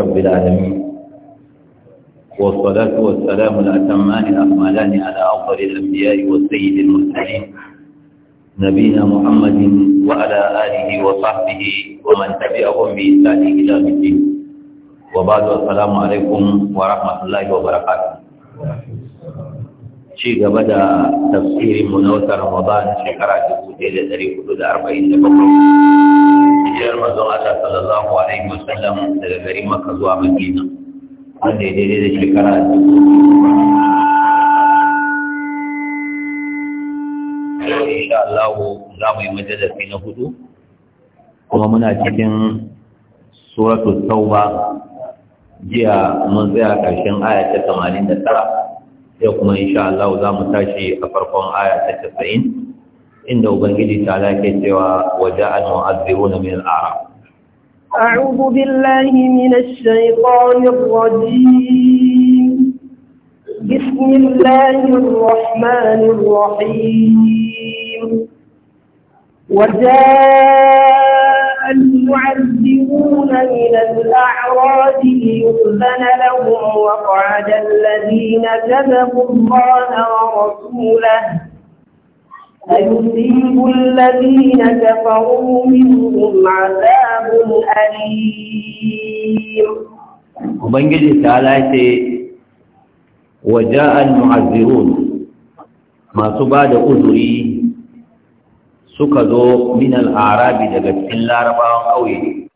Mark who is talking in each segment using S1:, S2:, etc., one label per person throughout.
S1: رب العالمين والصلاة والسلام الأتمان الأكملان على أفضل الأنبياء والسيد المرسلين نبينا محمد وعلى آله وصحبه ومن تبعهم بإحسان إلى الدين وبعد السلام عليكم ورحمة الله وبركاته شيء بدا تفسير منوت رمضان شكرا جبوتي لتريد أربعين دقيقة hijirar manzon Allah sallallahu alaihi wa sallam, daga garin Makka zuwa Madina wanda ya daidai da shekara insha Allah za mu yi majalisi na hudu kuma muna cikin suratul tauba jiya mun tsaya karshen aya ta 89 sai kuma insha Allah za mu tashi a farkon aya ta 90 inda ubangiji تعالى ke وجاء المؤذرون من الأعراب
S2: أعوذ بالله من الشيطان الرجيم بسم الله الرحمن الرحيم وجاء المعذبون من الأعراض ليؤذن لهم وقعد الذين كذبوا الله ورسوله A bishiyun lalle na tafa wurin su maza kuma aji.
S1: Abangalin Shalahi, al-Muhazzirun, masu ba da uzuri, suka zo min al-Arabi daga cikin larabawan aure.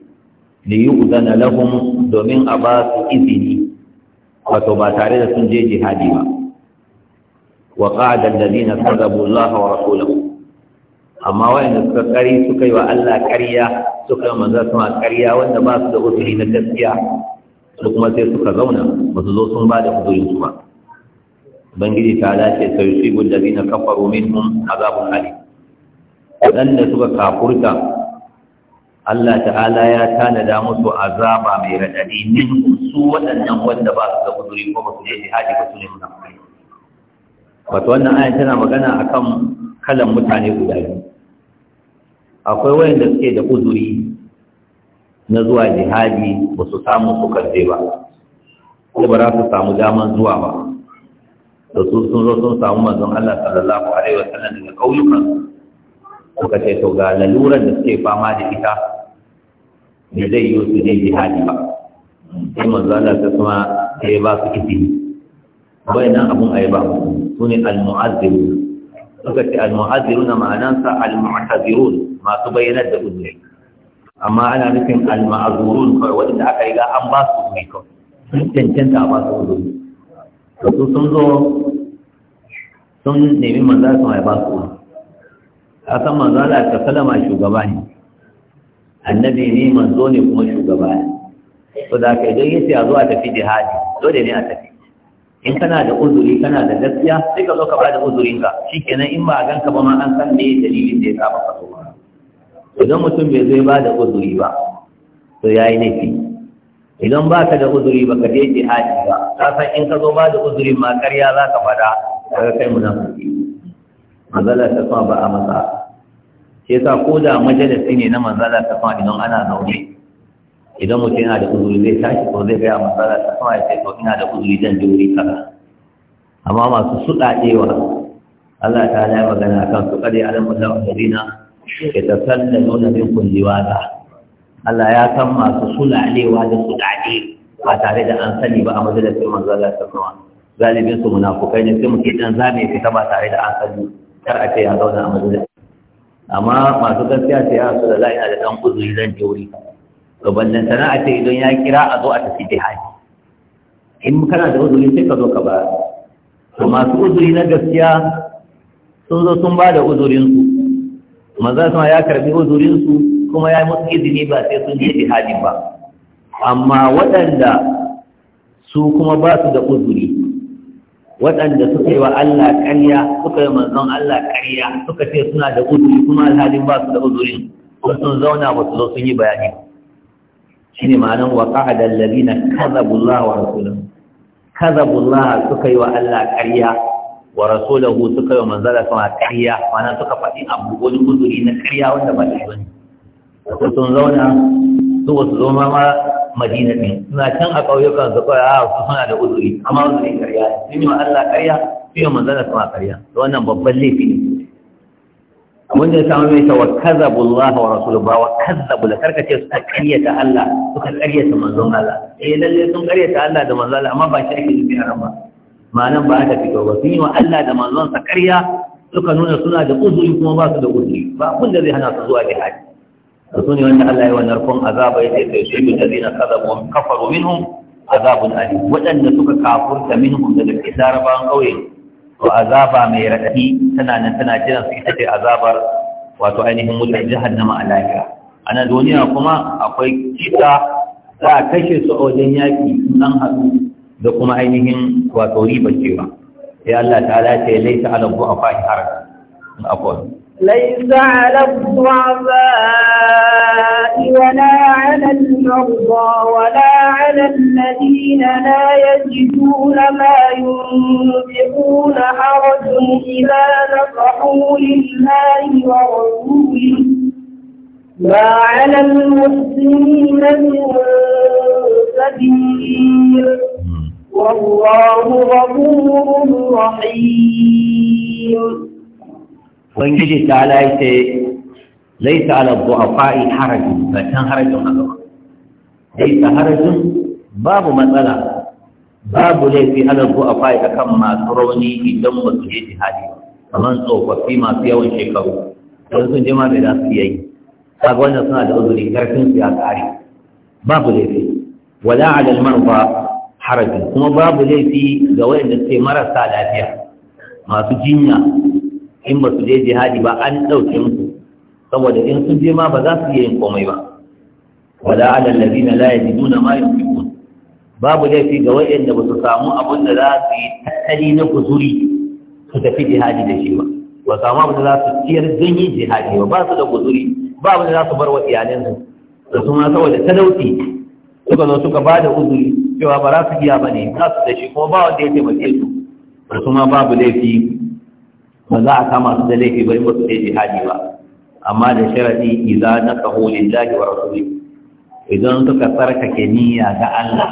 S1: Likitan alhamis Abdullahi ba su izini ba sau ba tare da sun je Jihadi ba. وقعد الذين كذبوا الله ورسوله amma wayanda suka kari suka yi wa Allah ƙarya suka yi manzo sama ƙarya wanda ba su da uzuri na gaskiya su kuma sai suka zauna ba su zo sun ba da uzurin su ba bangiji ta lace sai su yi gudabi na kafaru minhum azabun ali waɗanda suka kafurta Allah ta'ala ya tanada musu azaba mai raɗaɗi min su waɗannan wanda ba su da uzuri ko ba su je jihadi ba su ne munafikai wato wannan ayan tana magana akan kalan mutane guda biyu akwai wayanda suke da uzuri na zuwa jihadi ba su samu su karfe ba ko ba za su samu daman zuwa ba da su sun zo sun samu manzon Allah sallallahu alaihi wa sallam daga kauyukan suka ce to ga lalurar da suke fama da ita ne zai yi su je jihadi ba sai manzon Allah ta kuma sai ba su izini na abun yi ba su ne al-mu'azzirun suka ce al na ma'anansa al-mu'tazirun masu bayyanar da uzuri amma ana nufin al-ma'azurun kawai wadanda aka ga an ba su uzuri kawai sun cancanta a ba su uzuri wasu sun zo sun nemi manzara su mai ba su uzuri a san manzara ta kalama shugaba ne annabi ne manzo ne kuma shugaba ne So da aka yi don a zo a tafi jihadi dole ne a tafi in kana da uzuri kana da gaskiya sai ka zo ka bada uzurinka shikenan in ba a ka ba ma an san me dalilin da ya saba ka ba idan mutum bai zo bada uzuri ba to yayi laifi idan ba ka da uzuri ba ka je jihadi ba ka san in ka zo ba da uzuri ma karya za ka fada daga kai munafiki mazala ta fa ba a masa shi yasa ko da majalisi ne na mazala ta fa idan ana zaune idan mutum yana da uzuri zai tashi ko zai gaya matsala ta Kuma ya ce to ina da uzuri zan je wuri kaza amma masu ɗewa Allah ta yi magana kan su kare alam Allah wadina ya sanda nuna bin kulliwa ba Allah ya san masu ɗewa da ɗe ba tare da an sani ba a majalisar manzo Allah ta sama galibin su munafukai ne sai mutum dan zame fita ba tare da an sani kar a ce ya zauna a majalisar amma masu gaskiya ce ya su da la'ina da ɗan uzuri zan je wuri kaza to ballan sana'a ce idan ya kira a zo a tafi haji in kana da uzuri sai ka zo ka ba to masu uzuri na gaskiya sun zo sun ba da uzurinsu maza sama ya karbi uzurinsu kuma ya yi musu izini ba sai sun je jihadin ba amma waɗanda su kuma ba su da uzuri waɗanda suka yi wa Allah ƙarya suka yi manzon Allah ƙarya suka ce suna da uzuri kuma alhalin ba su da uzurin sun zauna ba su zo sun yi bayani ba. shine ma'anar wa qa'ada alladhina kadhabu Allah wa rasulahu kadhabu Allah suka yi wa Allah ƙarya wa rasulahu suka yi wa manzala sama ƙarya ma'ana suka faɗi abu wani kuduri na ƙarya wanda ba shi bane ko sun zauna su wasu zo ma madina ne suna can a ƙauyukan su kawai a ah, su suna da uzuri amma uzuri ƙarya sun yi wa Allah ƙarya su yi wa manzala sama ƙarya wannan babban laifi ne abin da ya samu mai tawa kazzabu Allah wa rasuluhu ba wa kazzabu da karkace suka karyata Allah suka karyata manzon Allah eh lalle sun karyata Allah da manzon Allah amma ba shi ake nufi a ba ma'anan ba ta fito ba sun yi wa Allah da manzon sa karya suka nuna suna da uzuri kuma ba su da uzuri ba abin da zai hana su zuwa jihadi da su ne wanda Allah ya wa narkon azaba ya ce kai su bi ladina kazzabu wa kafaru minhum azabun alim wadanda suka kafurta minhum daga kisarabawan kauye to azaba mai raɗaɗi tana nan tana jiran su ita ce azabar wato ainihin wutar jahannama a lahira a nan duniya kuma akwai kisa za a kashe su a wajen yaƙi nan haɗu da kuma ainihin wato ribar cewa sai Allah ta ala ce laisa ala bu afahi akwai
S2: ليس على الضعفاء ولا على المرضى ولا على الذين لا يجدون ما ينفقون حرج إذا نصحوا لله ورسوله ما على المحسنين من سبيل والله غفور
S1: رحيم ubangiji ta ala ya ce laisa ala du'afa'i harajin ba can harajin a gaba laisa harajin babu matsala babu laifi ala du'afa'i akan masu rauni idan ba su je jihadi kamar tsofaffi masu yawan shekaru don sun jima bai za su yi kaga wannan suna da uzuri karfin su ya kare babu laifi wala ala al harajin kuma babu laifi ga wayanda suke marasa lafiya masu jinya in ba su je jihadi ba an ɗauke musu saboda in sun je ma ba za su iya yin komai ba wala ala allazina la yajiduna ma yunfiqun babu laifi ga wayanda ba su samu abin da za su yi tattali na kuzuri su tafi jihadi da shi ba ba samu abin da za su ciyar yi jihadi ba ba su da kuzuri ba abin da za su bar wa iyalansu da su ma saboda talauci suka zo suka ba da uzuri cewa ba za su iya ba ne za su da shi kuma ba wanda ya taimake su da su ma babu laifi ba za a kama su da laifi ba in ba su kai jihadi ba amma da sharadi na naqahu lillahi wa rasuli idan suka tsarkake niyya ga Allah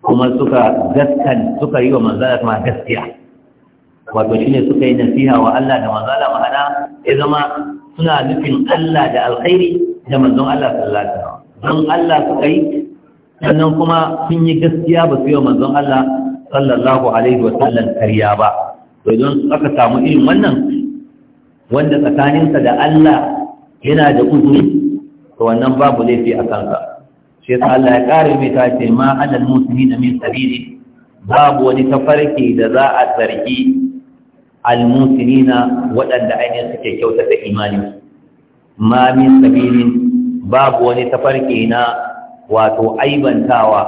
S1: kuma suka gaskan suka yi wa manzala kuma gaskiya wato shine suka yi nasiha wa Allah da manzala ma'ana ya zama suna nufin Allah da alkhairi da manzon Allah sallallahu alaihi wasallam don Allah suka yi sannan kuma sun yi gaskiya ba su yi wa manzon Allah sallallahu alaihi wasallam kariya ba don aka samu irin wannan wanda tsakaninsa da Allah yana da uzuri to wannan babu laifi a kanka shi yasa Allah ya kare mai ta ce ma alal muslimin min sabili babu wani tafarki da za a zargi al waɗanda ainihin suke kyautata imani ma min sabilin babu wani tafarki na wato aibantawa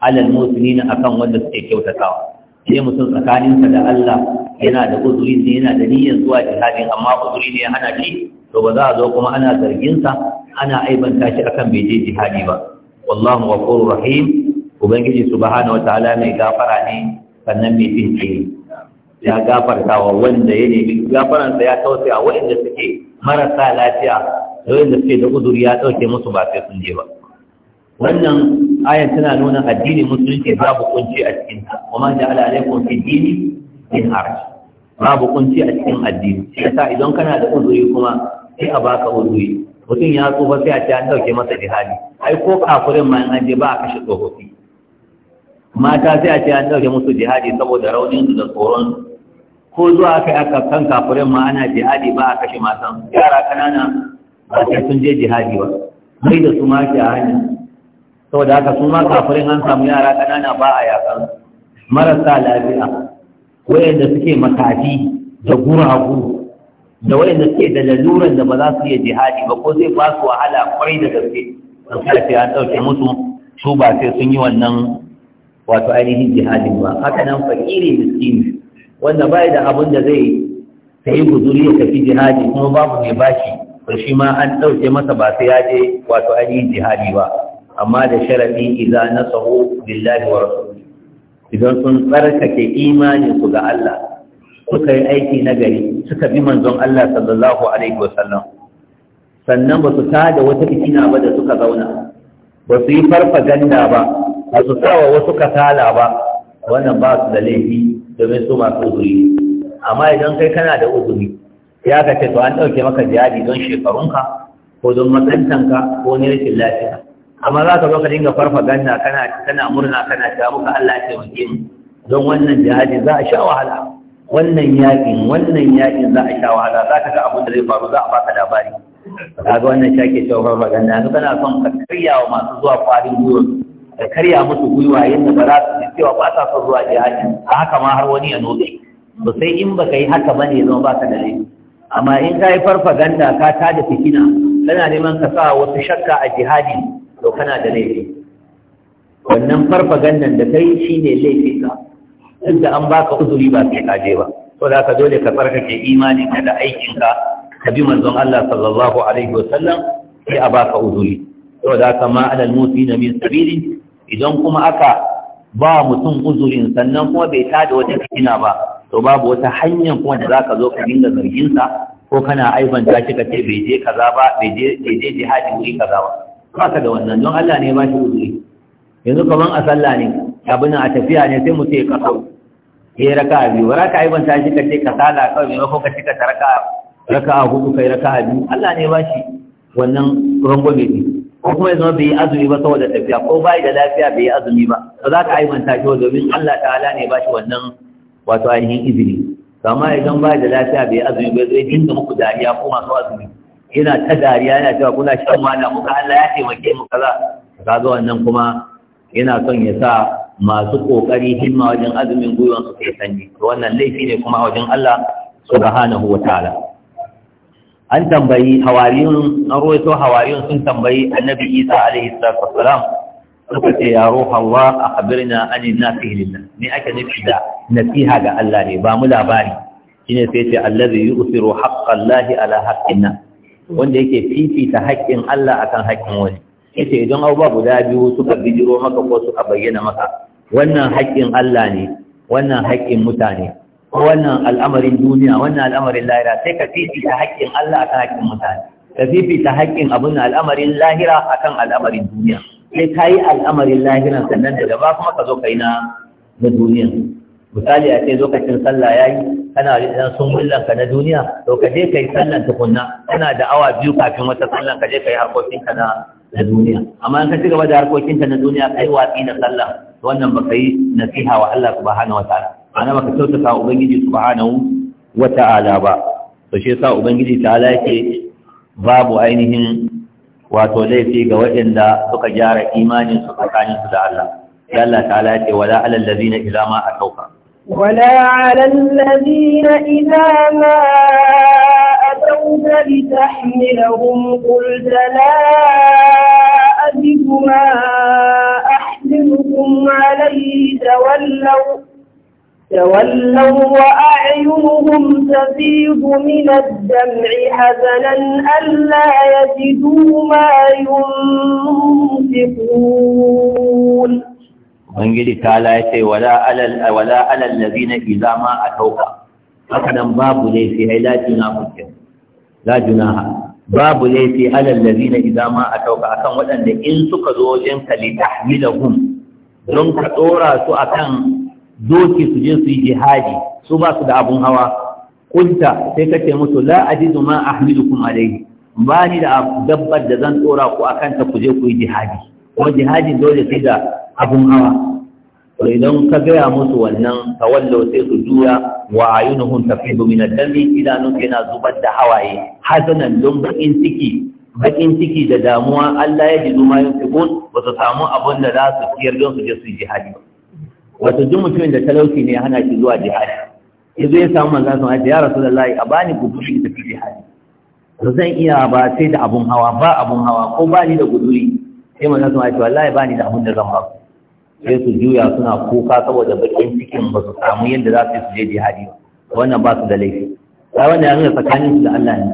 S1: alal muslimina akan wanda suke kyautatawa sai mutum tsakaninsa da Allah yana da uzuri ne yana da niyyar zuwa jihadin amma uzuri ne ya hana shi to ba za a zo kuma ana zarginsa ana aibanta shi akan bai je jihadi ba wallahu ghafurur rahim ubangiji subhanahu wataala mai gafara ne sannan mai jin ya gafarta wa wanda ya nemi gafaransa ya a waɗanda suke marasa lafiya da wanda suke da uzuri ya dauke, musu ba sai sun je ba wannan Aya tana nuna addini musulunci babu kunci a cikin ta kuma da ala alaikum fi dini min haraj babu kunci a cikin addini yasa idan kana da uzuri kuma sai a baka uzuri mutum ya tsufa sai a ce an dauke masa jihadi ai ko kafirin ma an je ba a kashe tsofaffi mata sai a ce an dauke musu jihadi saboda raunin su da tsoron su ko zuwa kai aka kan kafirin ma ana jihadi ba a kashe matan yara kanana ba sai sun je jihadi ba Mai da su ma ke a hanya saboda haka su ma kafirin an samu yara kanana ba a yakan marasa lafiya wayanda suke makafi da guragu da wayanda suke da laluran da ba za su iya jihadi ba ko zai ba su wahala kwarai da gaske an karfe an ɗauke musu su ba sai sun yi wannan wato ainihin jihadin ba haka nan fakiri miskini wanda ba da abin da zai sayi guzuri ya tafi jihadi kuma babu mai bashi to shi ma an ɗauke masa ba sai ya je wato ainihin jihadi ba amma da sharadi idza nasahu billahi wa rasuli idan sun tsarkake imanin su ga Allah suka yi aiki na gari suka bi manzon Allah sallallahu alaihi wasallam sannan ba su tada wata fitina ba da suka zauna ba su yi farfaganda ba ba su sawa wasu kasala ba wannan ba su da laifi domin su masu uzuri amma idan kai kana da uzuri ya ka ce to an ɗauke maka jihadi don shekarunka ko don matsantanka ko ne rashin lafiya amma za ka zo ka dinga farfaganda kana kana murna kana ta muka Allah ya taimake mu don wannan jihadi za a sha wahala wannan yakin wannan yakin za a sha wahala za ka ga abin da zai faru za a baka labari ka ga wannan shake farfa farfaganda yanzu kana son ka karya wa masu zuwa kwarin gwiwa ka karya musu gwiwa yadda ba za su ji cewa ba sa son zuwa jihadi a haka ma har wani ya notse Ba sai in baka yi haka ba ne zama ba ka da laifi amma in ka yi farfa farfaganda ka tada fitina kana neman ka sa wasu shakka a jihadi to kana da laifi wannan farfagandan da kai shi ne laifi ka inda an baka uzuri ba sai kaje ba to da ka dole ka tsarkake imanin ka da aikinka ka bi manzon Allah sallallahu alaihi wasallam sai a baka uzuri to da ka ma alal mutina min sabili idan kuma aka ba mutum uzurin sannan kuma bai tada wata fitina ba to babu wata hanyar kuma da za ka zo ka dinga zarginsa ko kana aibanta shi ka ce bai je kaza ba bai je jihadi wuri kaza ba ba ka da wannan don Allah ne ba shi uzuri yanzu kaman a sallah ne abin a tafiya ne sai mu ce kasau eh raka biyu raka ai ban ta shi kace kasala kawai maimakon ka cika raka raka hudu kai raka biyu Allah ne ba shi wannan rangwame ne ko kuma yanzu bai azumi ba saboda tafiya ko bai da lafiya bai azumi ba ba za ka banta shi domin Allah ta'ala ne ba shi wannan wato ainihin izini kama idan bai da lafiya bai azumi ba zai dinga muku dariya ko masu azumi yana ta dariya yana cewa kuna shan wahala muka Allah ya taimake mu kaza kaga wannan kuma yana son ya sa masu kokari himma wajen azumin gwiwan su kai sanyi to wannan laifi ne kuma wajen Allah subhanahu wataala an tambayi hawariyun an ruwaito hawariyun sun tambayi annabi Isa alaihi salatu wassalam suka ce ya ruha Allah akhbirna anin nasihi lillah me ake nufi da nasiha ga Allah ne ba mu labari shine sai ce allazi yusiru haqqallahi ala haqqinna wanda yake fifita haƙƙin Allah akan haƙƙin wani yace idan abubuwa guda biyu suka bijiro maka ko suka bayyana maka wannan haƙƙin Allah ne wannan haƙƙin mutane Ko wannan al'amarin duniya wannan al'amarin lahira sai ka fifita haƙƙin Allah akan haƙƙin mutane ka fifita haƙƙin abin al'amarin lahira akan al'amarin duniya sai ka yi al'amarin lahiran sannan daga ba kuma ka zo kai yi na duniya misali a ce lokacin sallah yayi kana da sun mullan na duniya to ka je kai sallan tukunna kana da awa biyu kafin wata sallan ka je kai harkokin ka na duniya amma in ka ci gaba da harkokin ka na duniya yi watsi na sallah wannan baka yi nasiha wa Allah subhanahu wataala ana ka kyautata ubangiji subhanahu wataala ba to shi yasa ubangiji ta'ala yake babu ainihin wato laifi ga waɗanda suka gyara imanin su tsakanin da Allah Allah ta'ala ya ce wala alal ladina idza ma atauka
S2: ولا على الذين إذا ما أتوك لتحملهم قلت لا أجد ما أحملكم عليه تولوا تولوا وأعينهم تفيض من الدمع حزنا ألا يجدوا ما ينفقون
S1: bangiji ta la ya ce wala alal wala alal ladina idza ma atauka haka nan babu sai ai la kuke, la junaha babu sai alal ladina idza ma atauka akan waɗanda in suka zo wajen ka li hun. don ka dora su akan doki su je su yi jihadi su ba su da abun hawa kunta sai ka ce musu la ajidu ma ahmilukum alayhi ba ni da dabbar da zan ɗora ku akan ta ku je ku yi jihadi kuma jihadin dole sai da abun hawa idan ka gaya musu wannan tawallau sai su juya wa ayunuhum tafidu min ad-dami idanun yana zubar da hawaye hasanan don bakin ciki bakin ciki da damuwa Allah ya ji ma yunfiqun ba su samu abin da za su ciyar don su je su jihadi ba wato duk mutumin da talauci ne hana shi zuwa jihadi yanzu ya samu manzan sun haji yara rasu da a bani guduri tafi jihadi ba zan iya ba sai da abun hawa ba abun hawa ko ba ni da guduri sai manzon sama cewa wallahi bani da abin da zan ba sai su juya suna kuka saboda bakin cikin ba su samu yadda za su je jihadi wannan ba su da laifi ba wanda ya nuna tsakanin su da Allah ne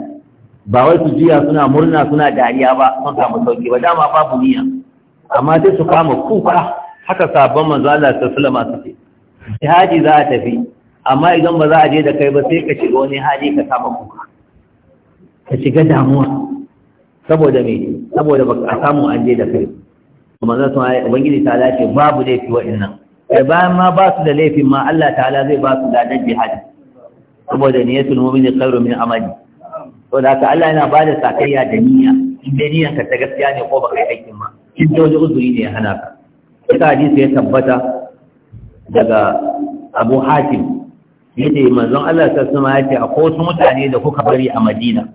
S1: ba wai su juya suna murna suna dariya ba sun samu sauki ba dama babu niyya amma sai su kama kuka haka sabon manzo Allah ta sallama suke jihadi za a tafi amma idan ba za a je da kai ba sai ka shiga wani hali ka kama kuka ka shiga damuwa saboda me saboda ba a samu an je da kai kuma zan san ubangiji ta lafi babu laifi wa'annan kai eh, bayan ma ba su da laifin ma Allah ta'ala zai ba su ladan jihadi saboda niyyatul mu'mini khairu min amali to da haka Allah yana ba da sakayya da niyya in dai niyyan ka ta gaskiya ne ko ba kai aikin ma in da wani uzuri ne ya hana ka ita hadisi ya tabbata daga Abu Hatim yace manzon Allah sallallahu alaihi wasallam yace akwai wasu mutane da kuka bari a Madina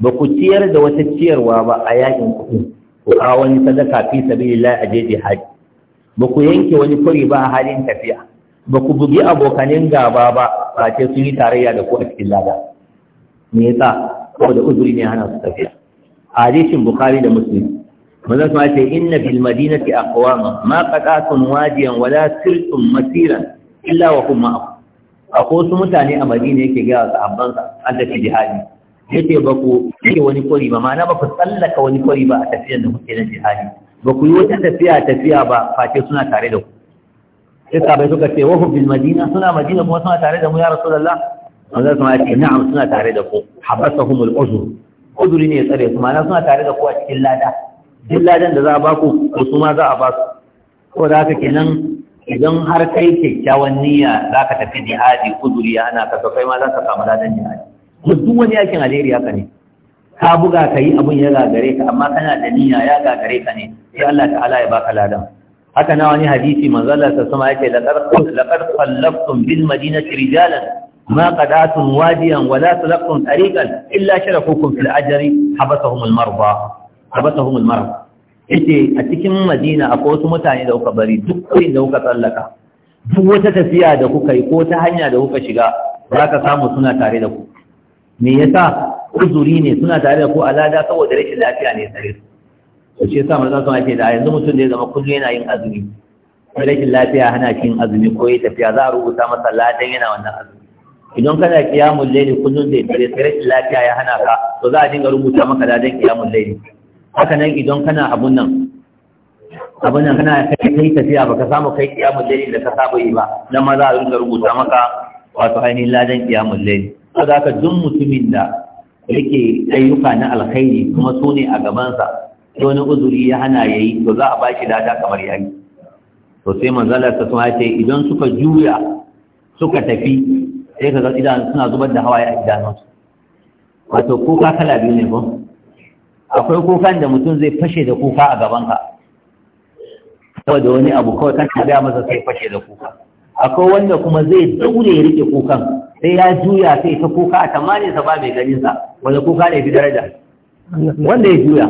S1: ba ku ciyar da wata ciyarwa ba a yakin kuɗi ku kawo wani sadaka fi sabilillah a je jihadi ba ku yanke wani kuri ba a halin tafiya ba ku bugi abokanin gaba ba ba ce sun yi tarayya da ku a cikin lada me yasa da uzuri ne hana su tafiya hadisin bukhari da muslim manzon kuma ce inna fil madinati aqwam ma qatatun wajiyan wala sirtum masiran illa wa hum ma'akum akwai wasu mutane a madina yake ga sahabban sa an tafi jihadi yake ba ku yi wani kwari ba ma'ana ba ku tsallaka wani kwari ba a tafiyar da kuke nan jihadi ba ku yi wata tafiya tafiya ba face suna tare da ku sai bai suka ce wahu bil madina suna madina kuma suna tare da mu ya rasulullah Allah kuma ya ce na'am suna tare da ku habasahum al uzur uzuri ne ya tsare su ma'ana suna tare da ku a cikin lada duk ladan da za a ba ku ko su ma za a ba su ko da haka kenan idan har kai kyakkyawan niyya za ka tafi jihadi uzuri ana ka kai ma za ka samu ladan jihadi ko duk wani yakin alheri haka ne ka buga ka yi abin ya gagare ka amma kana da niyya ya gagare ka ne sai Allah ta'ala ya baka ladan haka na wani hadisi manzo Allah ta sama yake laqad laqad qallabtum bil madinati rijalan ma qadatum wadiyan wa la tariqan illa sharakukum fil ajri habasahum al marba habasahum al yace a cikin madina akwai wasu mutane da kuka bari duk kurin da kuka tsallaka duk wata tafiya da kuka yi ko ta hanya da kuka shiga za ka samu suna tare da ku me yasa uzuri ne suna tare da ko alada saboda rashin lafiya ne tare su to shi yasa manzo sun ce da yanzu mutum da ya zama kullum yana yin azumi rashin lafiya hana shi yin azumi ko ya tafiya za a rubuta masa ladan yana wannan azumi idan kana kiyamul laili kullum da tare sai rashin lafiya ya hana ka to za a dinga rubuta maka ladan kiyamul laili haka nan idan kana abun nan abun nan kana kai tafiya baka samu kai kiyamul laili da ka saba yi ba dan ma za a dinga rubuta maka wato ainihin ladan kiyamul laili saboda haka duk mutumin da yake ayyuka na alkhairi kuma su ne a gabansa wani uzuri ya hana ya yi to za a ba shi lada kamar ya yi to sai manzalar ta suna ce idan suka juya suka tafi sai ka ga idan suna zubar da hawaye a idanunsu wato kuka kala biyu ne ko akwai kukan da mutum zai fashe da kuka a gabanka saboda wani abu kawai kan ka gaya masa sai fashe da kuka akwai wanda kuma zai daure ya rike kukan sai ya juya sai ta kuka a tamanin sa ba mai ganinsa wanda kuka ne fi daraja wanda ya juya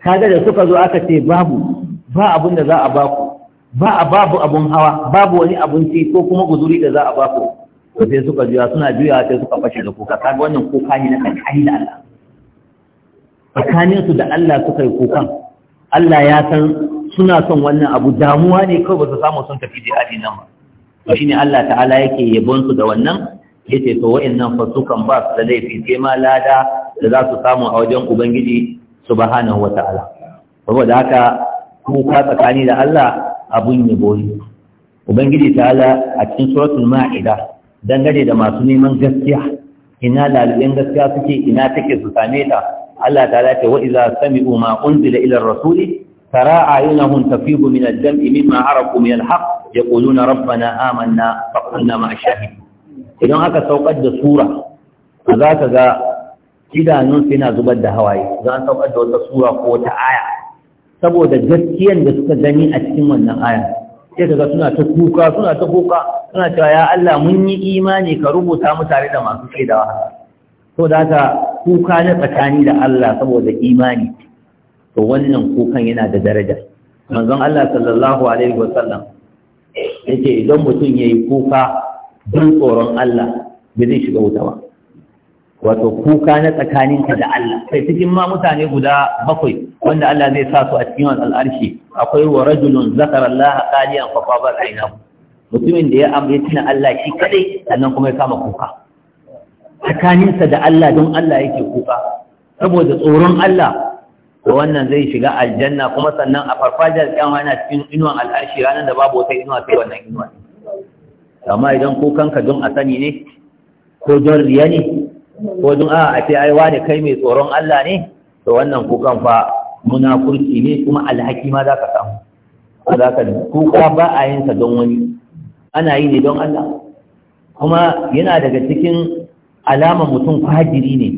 S1: kaga da suka zo aka ce babu ba abun da za a baku ba a babu abun hawa babu wani abinci ko kuma guzuri da za a baku to sai suka juya suna juya sai suka fashe da kuka kaga wannan kuka ne na kankani da Allah tsakanin su da Allah suka yi kukan Allah ya san suna son wannan abu damuwa ne kawai ba su samu sun tafi jihadi nan ba to shine Allah ta'ala yake yabon su da wannan yace to wayannan fasukan ba su da laifi sai ma lada da za su samu a wajen ubangiji subhanahu wata'ala saboda haka kuka tsakani da Allah abun yabo ne ubangiji ta'ala a cikin suratul ma'ida dangane da masu neman gaskiya ina lalubin gaskiya suke ina take su same ta Allah ta'ala ce wa idza sami'u ma unzila ila rasuli tara ayunahum tafidu min ad-dam'i mimma arafu min al-haqq Ya na Rabba na amanna faqulna ma ashahid idan aka saukar da sura za ka ga idanun yana zubar da hawaye za a saukar da wata sura ko wata aya saboda gaskiyan da suka gani a cikin wannan aya sai ka ga suna ta kuka suna ta kuka suna cewa ya Allah mun yi imani ka rubuta mu tare da masu wahala. to da haka kuka na tsakani da Allah saboda imani to wannan kukan yana da daraja manzon Allah sallallahu alaihi wasallam yace idan mutum yayi kuka don tsoron Allah ba zai shiga wuta ba wato kuka na tsakaninka da Allah sai cikin ma mutane guda bakwai wanda Allah zai sa su a cikin wannan al'arshi akwai wa rajulun zakara Allah qaliyan fa mutumin da ya ambaci tuna Allah shi kadai sannan kuma ya kama kuka tsakaninsa da Allah don Allah yake kuka saboda tsoron Allah to wannan zai shiga aljanna kuma sannan a farfajiyar kyanwa yana cikin inuwan al'arshi ranar da babu wata inuwa sai wannan inuwa amma idan kanka don a sani ne ko don riya ne ko don a a ce ai wane kai mai tsoron Allah ne to wannan kukan fa muna kurki ne kuma alhaki ma za ka samu za ka kuka ba a yin sa don wani ana yi ne don Allah kuma yana daga cikin alama mutum fajiri ne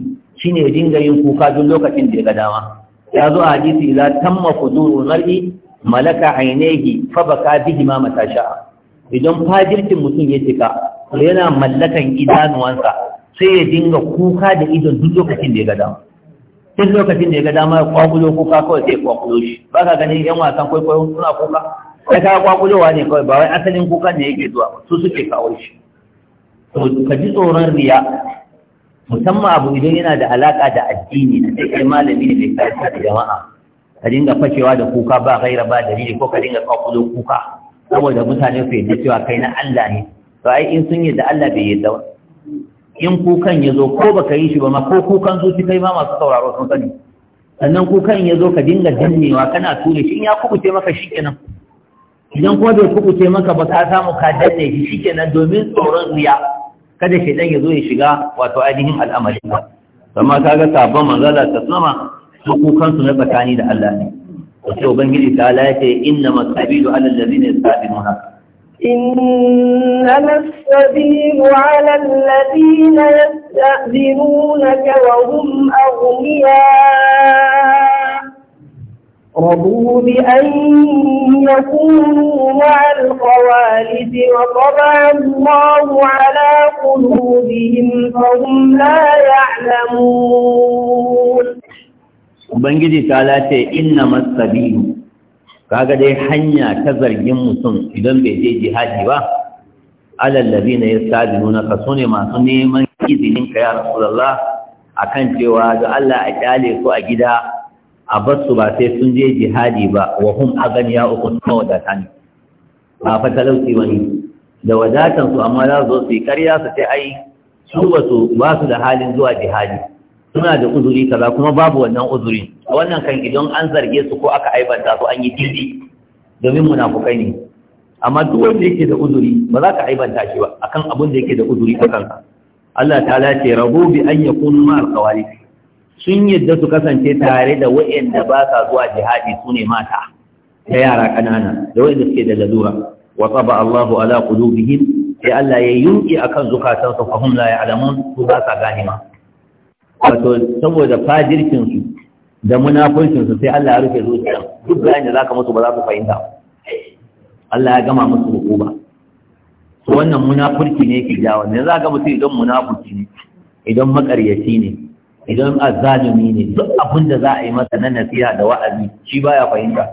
S1: shine dinga yin kuka duk lokacin da ya ga dama ya zo a hadisi la tamma fuduru mar'i malaka ainihi fa baka bihi ma matasha idan fajirkin mutum ya cika to yana mallakan idanuwansa sai ya dinga kuka da idon duk lokacin da ya ga dama duk lokacin da ya ga dama ya kwakulo kuka kawai sai ya kwakulo shi ba ka ganin yan wasan kwaikwayo suna kuka sai ka kwakulowa ne kawai ba wai asalin kuka ne yake zuwa su suke kawo shi to ka ji tsoron riya musamman abu idan yana da alaƙa da addini na sai kai malami ne mai karanta da jama'a ka dinga fashewa da kuka ba gaira ba dalili ko ka dinga kwakwalo kuka saboda mutane su yadda cewa kai na Allah ne to ai in sun yadda Allah bai yadda ba in kukan ya zo ko baka yi shi ba ma ko kukan zuci kai ma masu sauraro sun sani sannan kukan ya zo ka dinga dannewa kana ture shi in ya kubuce maka kenan idan kuma bai kubuce maka ba ka samu ka danne shi kenan domin tsoron riya kada shaidan ya zo ya shiga wato ainihin al'amarin ba amma kaga sabon manzala ta sama su kukansu na tsakani da Allah ne wace ubangiji ta lafe inna masabilu ala allazina yasabimuna
S2: إنما السبيل على الذين يستأذنونك وهم أغنياء رضوا بأن يكونوا مع الخوالف وطبع الله على قلوبهم فهم لا يعلمون
S1: Ubangiji ta lace inna masabilu kaga dai hanya ta zargin mutum idan bai je jihadi ba alallabi na ya nuna ka su ne masu neman izininka ka ya a kan cewa ga Allah a kyale ku a gida a basu ba sai sun je jihadi ba wa hum ya uku suna wadata ne ba fa talauci wani da wadatan su amma za su su yi karya su sai ai su ba su ba su da halin zuwa jihadi suna da uzuri kaza kuma babu wannan uzuri wannan kan idan an zarge su ko aka aibanta su an yi tilbi domin munafukai ne amma duk wanda yake da uzuri ba za ka aibanta shi ba akan abin da yake da uzuri a kanka Allah ta lace rabu bi an yakunu ma alqawali sun yadda su kasance tare da wa'anda ba sa zuwa jihadi su ne mata da yara ƙanana da wa'anda suke da lalura wa ba Allahu ala qulubihim sai Allah ya yunki akan zukatansu fa hum la ya'lamun su ba sa gane ma wato saboda fajirkin su da munafurcin su sai Allah ya rufe zuciya duk bayan da zaka musu ba za su fahimta Allah ya gama musu hukuma to wannan munafurci ne ke jawo ne za ga mutum idan munafurci ne idan makaryaci ne idan azzalumi ne duk abin da za a yi masa na nasiha da wa'azi shi baya fahimta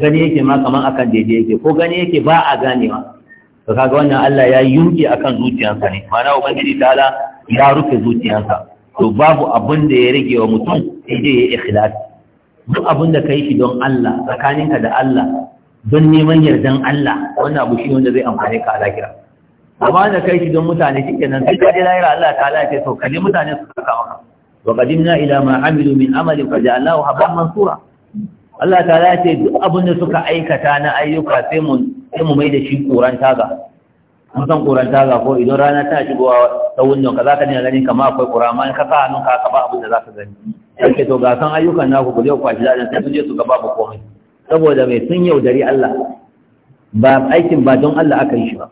S1: gani yake ma kaman akan daidai yake ko gani yake ba a ganewa to kaga wannan Allah ya yunki akan zuciyarsa ne ma'ana ubangiji ta'ala ya rufe zuciyarsa to babu abin da ya rage wa mutum sai dai ya ikhlasi duk abin da kai shi don Allah tsakaninka da Allah don neman yardan Allah wannan abu shi wanda zai amfane ka a lahira amma da kai shi don mutane shi kenan sai ka je lahira Allah ta'ala ya ce to kalli mutane su saka maka wa qadimna ila ma amilu min amali faja'alnahu haban mansura Allah ta ya ce duk abin da suka aikata na ayyuka sai mu sai mai da shi koran taga Musan san taga ko idan rana ta shigowa ta wunnan ka zaka dinga ganin kamar akwai kura amma in ka sa hannun ka ka ba abin da za ka gani sai to ga san ayyukan na ku je ku kwashi ladan sai su je su ga babu komai saboda mai sun yaudari Allah ba aikin ba don Allah aka yi shi ba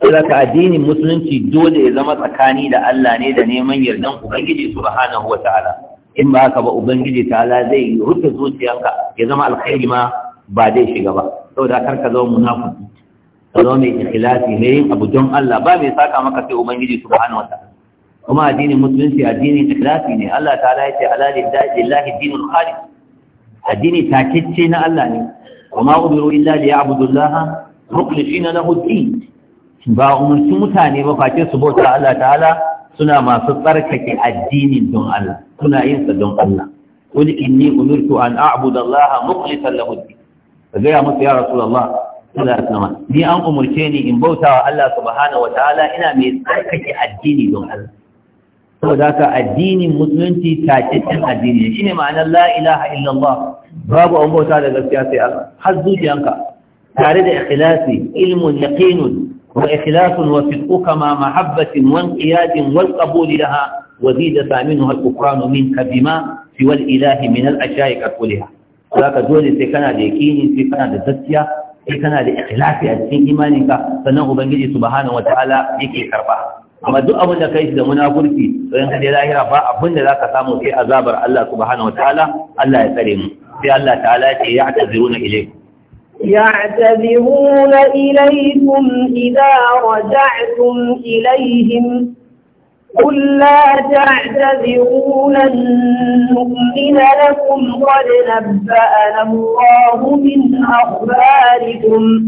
S1: saboda addinin musulunci dole ya zama tsakani da Allah ne da neman yardan Ubangiji subhanahu wa ta'ala. In ba haka ba Ubangiji ta'ala zai rufe zuciyanka ya zama alkhairi ma ba zai shiga ba. Saboda kar ka zama munafiki. Ka zama mai ikhlasi ne yin abu don Allah ba mai saka maka sai Ubangiji subhanahu wa ta'ala. Kuma addinin musulunci addinin ikhlasi ne. Allah ta'ala ya ce ala lillahi dinul khalis. Addini takicce na Allah ne. Wa ma umiru illa liya'budu shi na lahu din. ba umarci mutane ba face su bauta Allah ta'ala suna masu tsarkake addinin don Allah suna yin sa don Allah qul inni umirtu an a'budu Allah mukhlishan lahu din kaga ya musu ya rasulullah sallallahu alaihi ni an umurce ni in bautawa Allah subhanahu wa ta'ala ina mai tsarkake addini don Allah saboda haka addinin musulunci takakken addini shine ma'anar la ilaha illallah babu an bauta da gaskiya sai Allah har zuciyanka tare da ikhlasi ilmun yaqinun وإخلاص وصدقك مع محبة وانقياد والقبول لها وزيد ثامنها الكفران منك بما سوى الإله من الأشياء كلها ذاك دول سيكنا ليكيني سيكنا لزكية سيكنا لإخلاص أجسين إيمانك فنه بنجي سبحانه وتعالى يكي كربها amma duk abin da kai da munafurci to yanka dai lahira ba abin da zaka samu sai azabar Allah subhanahu wataala Allah ya tsare mu sai Allah ta'ala ce ya ta'ziruna ilaykum
S2: يعتذرون إليكم إذا رجعتم إليهم قل لا تعتذروا لن نؤمن لكم قد نبأنا الله من أخباركم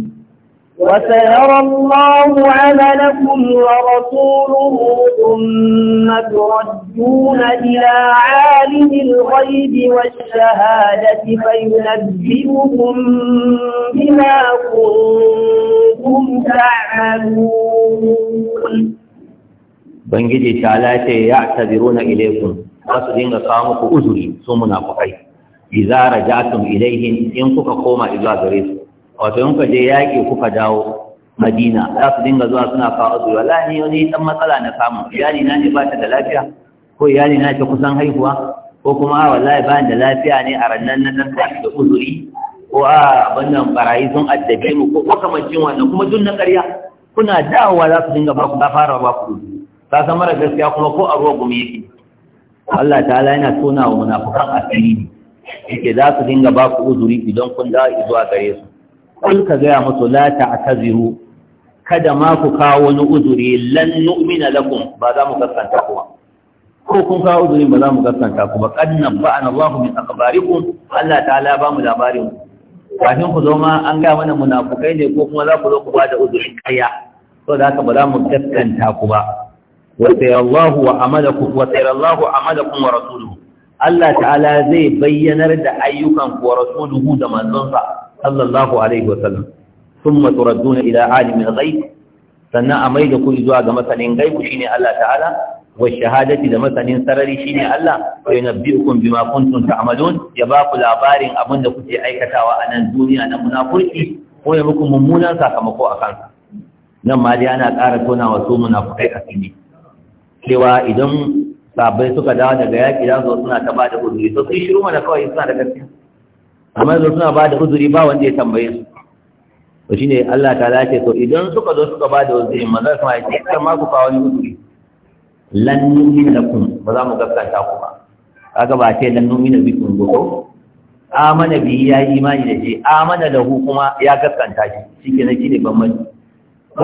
S1: وسيرى
S2: الله عملكم ورسوله ثم تردون إلى عالم الغيب والشهادة فينبئكم بما كنتم تعملون
S1: بنجي تعالى يعتذرون إليكم وسدين قاموا أزري ثم نقعي إذا رجعتم إليهم إن كوكا قوما إلا غريسوا wato in je yaƙi kuka dawo madina za su dinga zuwa suna kawo zuwa lahi wani dan matsala na samu iyali na ne ba ta da lafiya ko iyali na ta kusan haihuwa ko kuma wallahi bayan da lafiya ne a rannan na dan tashi da uzuri ko a wannan barayi sun addabe mu ko makamancin wannan kuma duk na ƙarya kuna dawowa za su dinga ba fara ba ku ka san mara gaskiya kuma ko a ruwa gumi yake Allah ta'ala yana tona wa munafukan asiri yake za su dinga ba ku uzuri idan kun dawo zuwa gare su kul ka gaya musu la ta'taziru kada ma ku kawo wani uzuri lan nu'mina lakum ba za mu gaskanta kuma ko kun kawo uzuri ba za mu gaskanta kuma qad nabba'ana Allah min akhbarikum Allah ta'ala ba mu labarin kafin ku zo ma an ga mana munafukai ne ko kuma za ku zo ku ba da uzurin kaya to da haka ba za mu gaskanta ku ba wa sayallahu wa amalakum wa sayallahu amalakum wa rasuluhu Allah ta'ala zai bayyanar da ayyukan ku wa rasuluhu da manzonsa sallallahu alaihi wasallam na turadduna ila na ghaib sannan a da ku zuwa ga masanin gaibu shine Allah ta'ala wa shahadati da masanin sarari shine Allah wa yunabbi'ukum bima kuntum ta'malun ya ba ku labarin abin da kuke aikatawa a nan duniya na munafurci ko ya muku mummunan sakamako a kansa nan ma dai ana ƙara tona wa su munafukai asiri cewa idan sabai suka dawo daga yaƙi za su suna ta ba da uzuri to sun shiru mana kawai suna da gaskiya amma yanzu suna ba da uzuri ba wanda ya tambaye su to shine Allah ta lace to idan suka zo suka ba da uzuri maza kuma ya ce kar ma ku kawo ni uzuri lan nu'mina lakum ba za mu gaskata ku ba kaga ba ce lan nu'mina bikum goto amana bi ya yi imani da shi amana hu kuma ya gaskanta shi shike na shine bambanci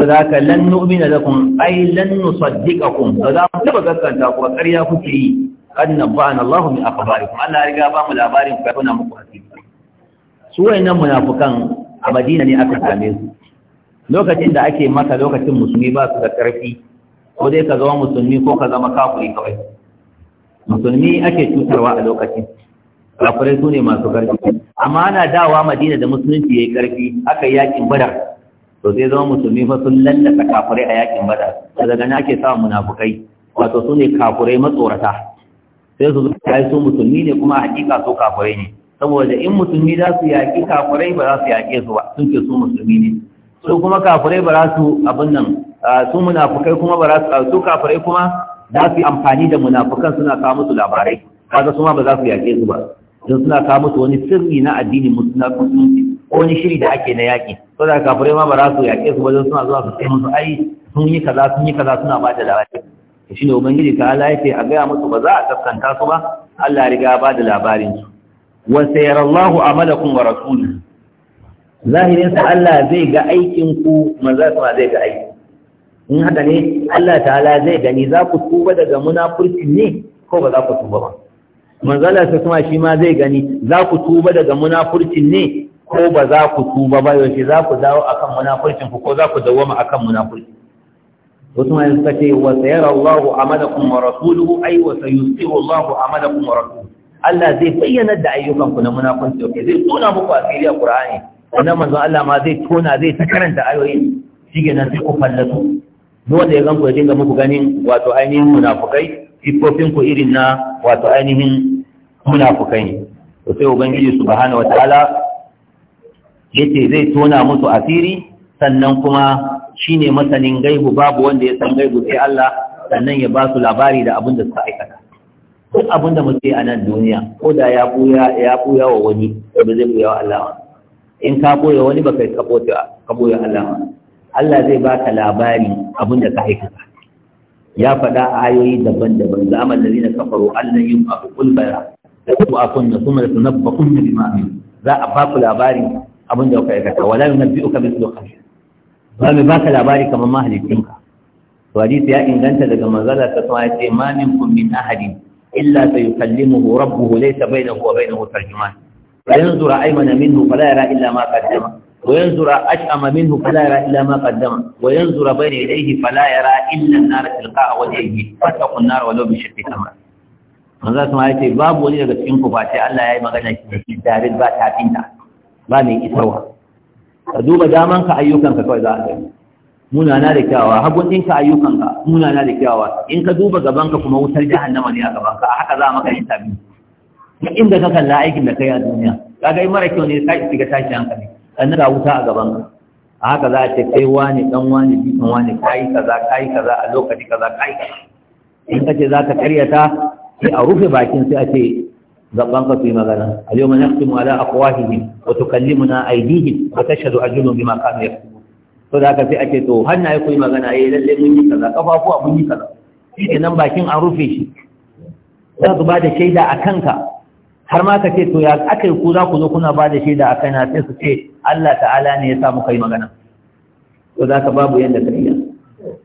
S1: za ka lan nu'mina lakum ai lan nusaddiqakum ba za mu taba gaskanta ku ba ƙarya kuke yi qad nabba'ana Allahu min akhbarikum Allah ya riga ba mu labarin ku ya tona muku asiri su wayannan munafukan a madina ne aka same su lokacin da ake maka lokacin musulmi ba su da ƙarfi ko dai ka zama musulmi ko ka zama kafuri kawai musulmi ake cutarwa a lokacin kafirai su ne masu ƙarfi amma ana dawa madina da musulunci ya yi ƙarfi aka yakin badar to sai zama musulmi fa sun lallata kafirai a yakin badar daga na ake samun munafukai wato su ne kafirai matsorata sai su zai su musulmi ne kuma hakika su kafirai ne saboda in musulmi za su yaƙi kafirai ba za su yaƙe su ba sun ke su musulmi ne su kuma kafirai ba za su abin nan su munafukai kuma ba za su su kafirai kuma za su yi amfani da munafukan suna kawo musu labarai kaga su ma ba za su yaƙe su ba don suna kawo musu wani sirri na addinin musulmi ko wani shiri da ake na yaƙi so da kafirai ma ba za su yaƙe su ba don suna zuwa su ce musu ai sun yi kaza sun yi kaza suna ba da labari shi ne ubangiji ta ala ya ce a gaya musu ba za a kaskanta su ba allah ya riga ba da labarin su wa sayarallahu amalakum wa rasuluhu zahirin sa Allah zai ga aikin ku manzo sa zai ga aiki in haka ne Allah ta'ala zai gani za ku tuba daga munafurci ne ko ba za ku tuba ba manzo Allah sa kuma shi ma zai gani za ku tuba daga munafurci ne ko ba za ku tuba ba yaushe za ku dawo akan munafurcin ku ko za ku ma akan munafurci wasu mai suka ce wa sayara Allahu amalakum wa rasuluhu ay wa sayusiru wa rasuluhu Allah zai bayyana da ayyukan ku na munafunci ke zai tona muku asiri a Qur'ani wannan manzon Allah ma zai tona zai ta karanta ayoyin nan sai ku fallatu wanda ya gan ku dinga muku ganin wato ainihin munafukai sifofin ku irin na wato ainihin munafukai to sai ubangiji subhanahu wataala yace zai tona musu asiri sannan kuma shine masanin gaibu babu wanda ya san gaibu sai Allah sannan ya ba su labari da abin da suka aikata duk abin da muke a nan duniya ko da ya buya ya buya wa wani ba zai buya wa Allah in ka buya wani ba kai ka buya Allah Allah zai baka labari abin da ka aikata ya faɗa a ayoyi daban-daban da da zina kafaro Allah yin abu kulbara da kuma akun da kuma da tunabba kun da bimamin za a baku labari abin da ka aikata wala yi nabi uka bisu kashi ba mai baka labari kamar mahalicinka to hadisi ya inganta daga manzala ta sama ya ce ma minkum min ahadin illa sayukallimuhu rabbuhu laysa bainahu wa bainahu tarjuman فينظر أيمن منه فلا يرى إلا ما قدم وينظر أشأم منه فلا يرى إلا ما قدم وينظر بين يديه فلا يرى إلا النار تلقاء وجهه فاتقوا النار ولو بشق تمر manzo sun ya ce babu wani daga cikin ku face Allah ya yi magana shi da tare ba tafinta ba mai isarwa ka duba daman ka ayyukan ka kawai za a gani munana da kyawa, hagun ɗinka ayyukanka munana da kyawa in ka duba gabanka kuma wutar jahannama ne a gabanka a haka za a maka hisabi duk inda ka kalla aikin da kai a duniya kaga in mara kyau ne ka ci ga tashi hankali sannan ga wuta a gabanka a haka za a ce kai wani dan wani bikin wani kayi kaza kayi kaza a lokaci kaza kayi kaza in ka ce za ka karyata sai a rufe bakin sai a ce gabanka su yi magana a yau al yawma naqtimu ala afwahihim wa tukallimuna aydihim wa tashhadu arjuluhum bima kanu yaktubun To da aka sai ake to hannaye ku yi magana eh lalle mun yi kaza a mun yi kaza shi nan bakin an rufe shi za su ba da shaida a kanka har ma ka ce to ya aka yi ku za ku zo kuna ba da shaida a kaina sai su ce Allah ta'ala ne ya sa muka yi magana to za ka babu yadda ka iya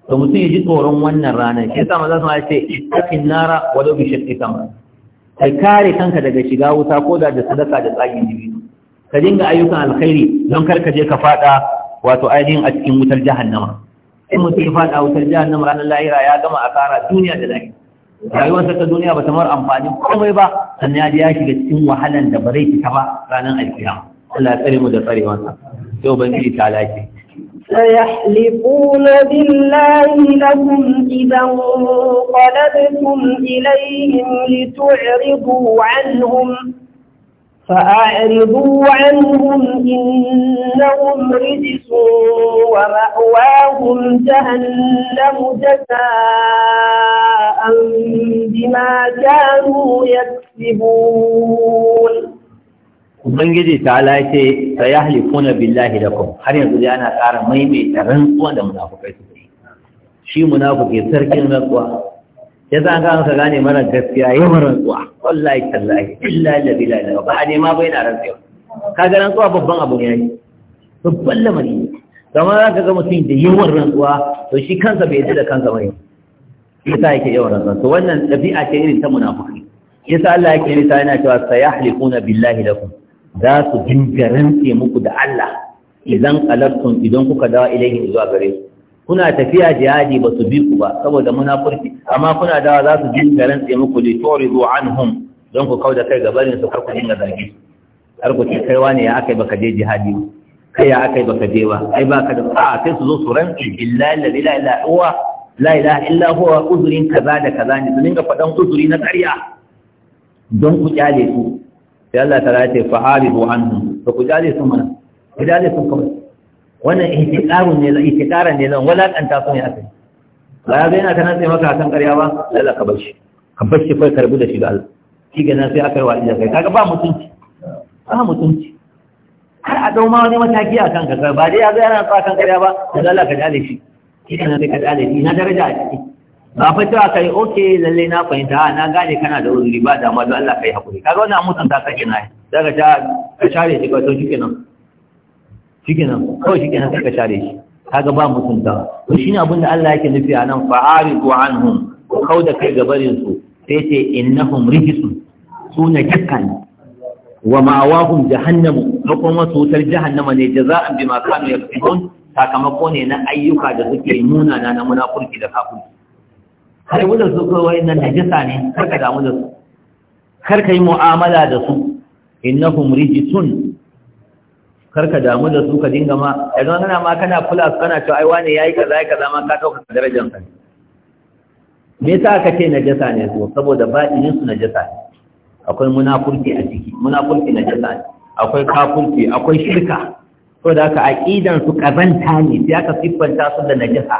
S1: to mutum ya ji tsoron wannan ranar shi yasa maza su ce ittaqin nara walau bi shaqqi tamr kai kare kanka daga shiga wuta ko da da sadaka da tsagin jibi. ka dinga ayyukan alkhairi don kar ka je ka fada wato ainihin a cikin wutar jahannama in mutum ya faɗa wutar jahannama ranar lahira ya gama a asara duniya da lahira rayuwarsa ta duniya ba ta mar amfani komai ba sannan ya ya shiga cikin wahalan da ba zai fita ba ranar alkiyama Allah ya tsare mu da tsarewansa sai ubangiji ta lafiya
S2: سيحلفون بالله لكم إذا انقلبتم إليهم لتعرضوا عنهم فأعرضوا عنهم إنهم رجس ومأواهم جهنم جزاء بما كانوا يكسبون
S1: Ubangiji ta lace ta ya halifuna billahi da kuma har yanzu dai ana ƙara maimaita rantsuwa da munafukai su yi. shi munafuke sarkin rantsuwa ya za ka ka gane mara gaskiya ya mara rantsuwa wallahi tallahi illa la bila la ba ne ma bai na rantsuwa ka ga rantsuwa babban abu ne yayi babban lamari ne kamar za ka ga mutum da yawan rantsuwa to shi kansa bai yadda da kansa Ya sa yake yawan rantsuwa to wannan dabi'a ce irin ta Ya sa Allah yake nisa yana cewa halifuna billahi lakum za su dinga rantse muku da Allah idan kalartun idan kuka dawo ilaihi zuwa gare su kuna tafiya jihadi ba su bi ku ba saboda munafurci amma kuna dawa za su bi garan tsaye muku li turidu anhum don ku kauda kai gabarin su kar ku dinga zargi har ku ce kai wani ya akai baka je jihadi ba. kai ya akai baka je ba kai baka da a sai su zo su rantsi illa allazi la ilaha huwa la ilaha illa huwa uzurin kaza da kaza ne su dinga faɗan uzuri na ƙarya don ku kyale su sai Allah ta ce fa'aridu anhum to ku kyale su mana ku kyale su kawai wannan ihtiqarun ne ihtiqaran ne zan wala kan ta ne akai ba ya zai yana kana sai maka kan ƙarya ba Allah ka bashi ka bashi kai karbu da shi ga Allah shi ga sai aka wa idan kai kaga ba mutunci ba mutunci har a dau ma wani mataki a kan kai ba dai ya zai yana tsaka kan ƙarya ba da Allah ka dale shi shi kana sai ka dale shi na daraja a ciki ba fa cewa kai okay lalle na fahimta na gane kana da wuri ba da ma Allah kai hakuri kaga wannan mutunta kake na daga ta ka share shi ko to shi kenan shikenan kawai shikenan suka share shi kaga ba mutunta to shine abin da Allah yake nufi a nan fa'aridu anhum kau da kai gabarin su sai ce innahum rijisun suna jakkan wa ma'awahum jahannam kuma wutar jahannama ne jaza'an bima kanu yakfurun sakamako ne na ayyuka da suke nuna na na munafurci da kafirci har wanda su kai nan najasa ne karka damu da su karka yi mu'amala da su innahum rijisun karka damu da su ka dinga ma yanzu kana ma kana kula su, kana cewa ai wani yayi kaza yayi kaza ma ka dauka darajar sa me yasa ka ce najasa ne so saboda ba baɗinin su najasa ne akwai munafurki a ciki munafurci najasa ne akwai kafurki, akwai shirka to da haka aqidan su kazanta ne sai aka siffanta su da najasa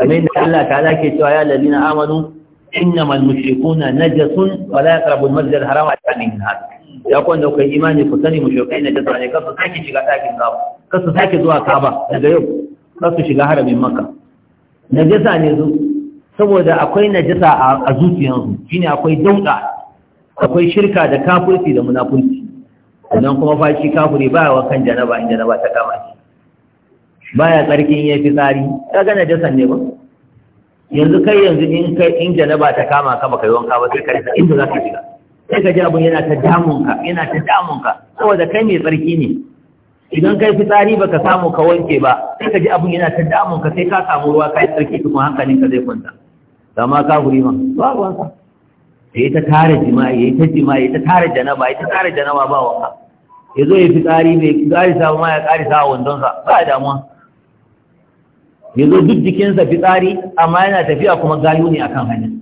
S1: kamar yadda Allah ta'ala ke cewa ya allazina amanu innamal mushrikuna najasun wala yaqrabul masjidal harama hatta min hada ya kwanda wanda kuka imani ku sani mu mushrikai na jasa ne kasu sake shiga ɗakin kaba kasu sake zuwa kaba daga yau kasu shiga haramin makka najasa ne zo saboda akwai najasa a zuciyansu shine akwai dauda akwai shirka da kafirci da munafurci idan kuma fashi kafiri ba wa kan janaba in janaba ta kama shi baya tsarkin ya fi tsari kaga najasa ne ba yanzu kai yanzu in kai in janaba ta kama ka baka yi wanka ba sai ka rasa inda zaka shiga sai ka ji abun yana ta ka, yana ta ka saboda kai mai tsarki ne idan kai fitsari baka samu ka wanke ba sai ka ji abun yana ta ka, sai ka samu ruwa kai tsarki hankalin ka zai kwanta dama ka guri ma ba ruwanka yayi ta tare jima'i yayi ta jima'i yayi ta tare janaba ya ta tare janaba ba wanka ya zo ya fitsari bai karisa ma ya karisa a wandonsa ba damuwa ya zo duk jikinsa fitsari amma yana tafiya kuma gayu ne akan hanya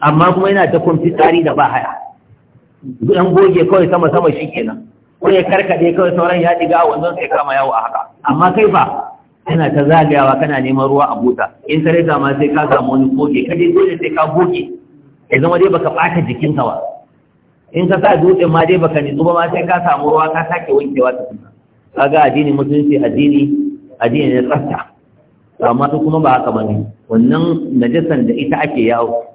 S1: amma kuma yana ta kumfi tsari da bahaya yan goge kawai sama sama shi kenan ko ya karkade kawai sauran ya diga wanzan sai kama yawo a haka amma kai ba yana ta zagayawa kana neman ruwa a buta in ka reza ma sai ka samu wani goge ka dai dole sai ka goge ya zama dai baka ɓata jikinka ba in ka sa dutse ma dai baka nitsu ba ma sai ka samu ruwa ka sake wankewa ta kuma kaga addini musulunci addini addini ne tsafta amma su kuma ba haka bane wannan najasan da ita ake yawo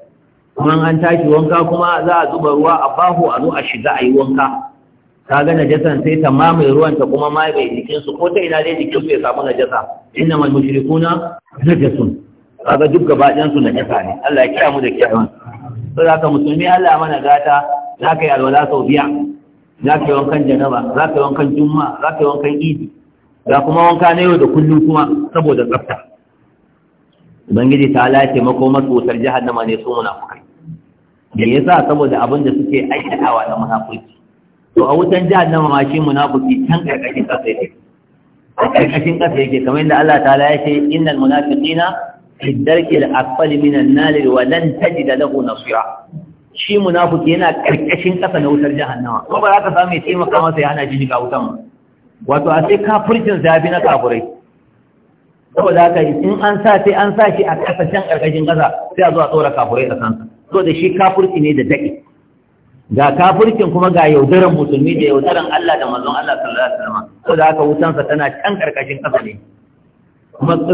S1: kuma an tashi wanka kuma za a zuba ruwa a baho a zo a shiga a yi wanka ka ga najasan sai ta mamaye ruwan ta kuma mai jikinsu. jikin su ko ta ina dai jikin su ya samu najasa inna mal mushrikuna najasun kaga duk gaba su su najasa ne Allah ya kiyaye mu da So za ka musulmi Allah mana gata za ka yi alwala sau biya Za ka yi wankan janaba ka yi wankan za ka yi wankan idi ga kuma wanka na yau da kullum kuma saboda tsafta ubangiji ta halaye taimako masu wutar jahannama ne su munafukai me sa saboda abin da suke aikatawa na munafiki to a wutan jahannama ma shi munafiki can karkashin kasa yake Ƙarƙashin ƙasa kasa yake kamar yadda Allah ta'ala ya ce innal munafiqina fi darki al-asfali minan nar wa lan tajid lahu nasira shi munafiki yana ƙarƙashin ƙasa na wutar jahannama ko ba za ka samu ya taimaka masa ya hana jini ga wutan wato a sai kafircin zafi na kafurai saboda haka in an sa sai an sa shi a kasashen ƙarƙashin ƙasa, sai a zo a tsora kafurai a kansa so da shi kafurci ne da daɗi ga kafurcin kuma ga yaudaran musulmi da yaudaran Allah da manzon Allah sallallahu alaihi wasallam so da aka wutansa tana can karkashin ƙasa ne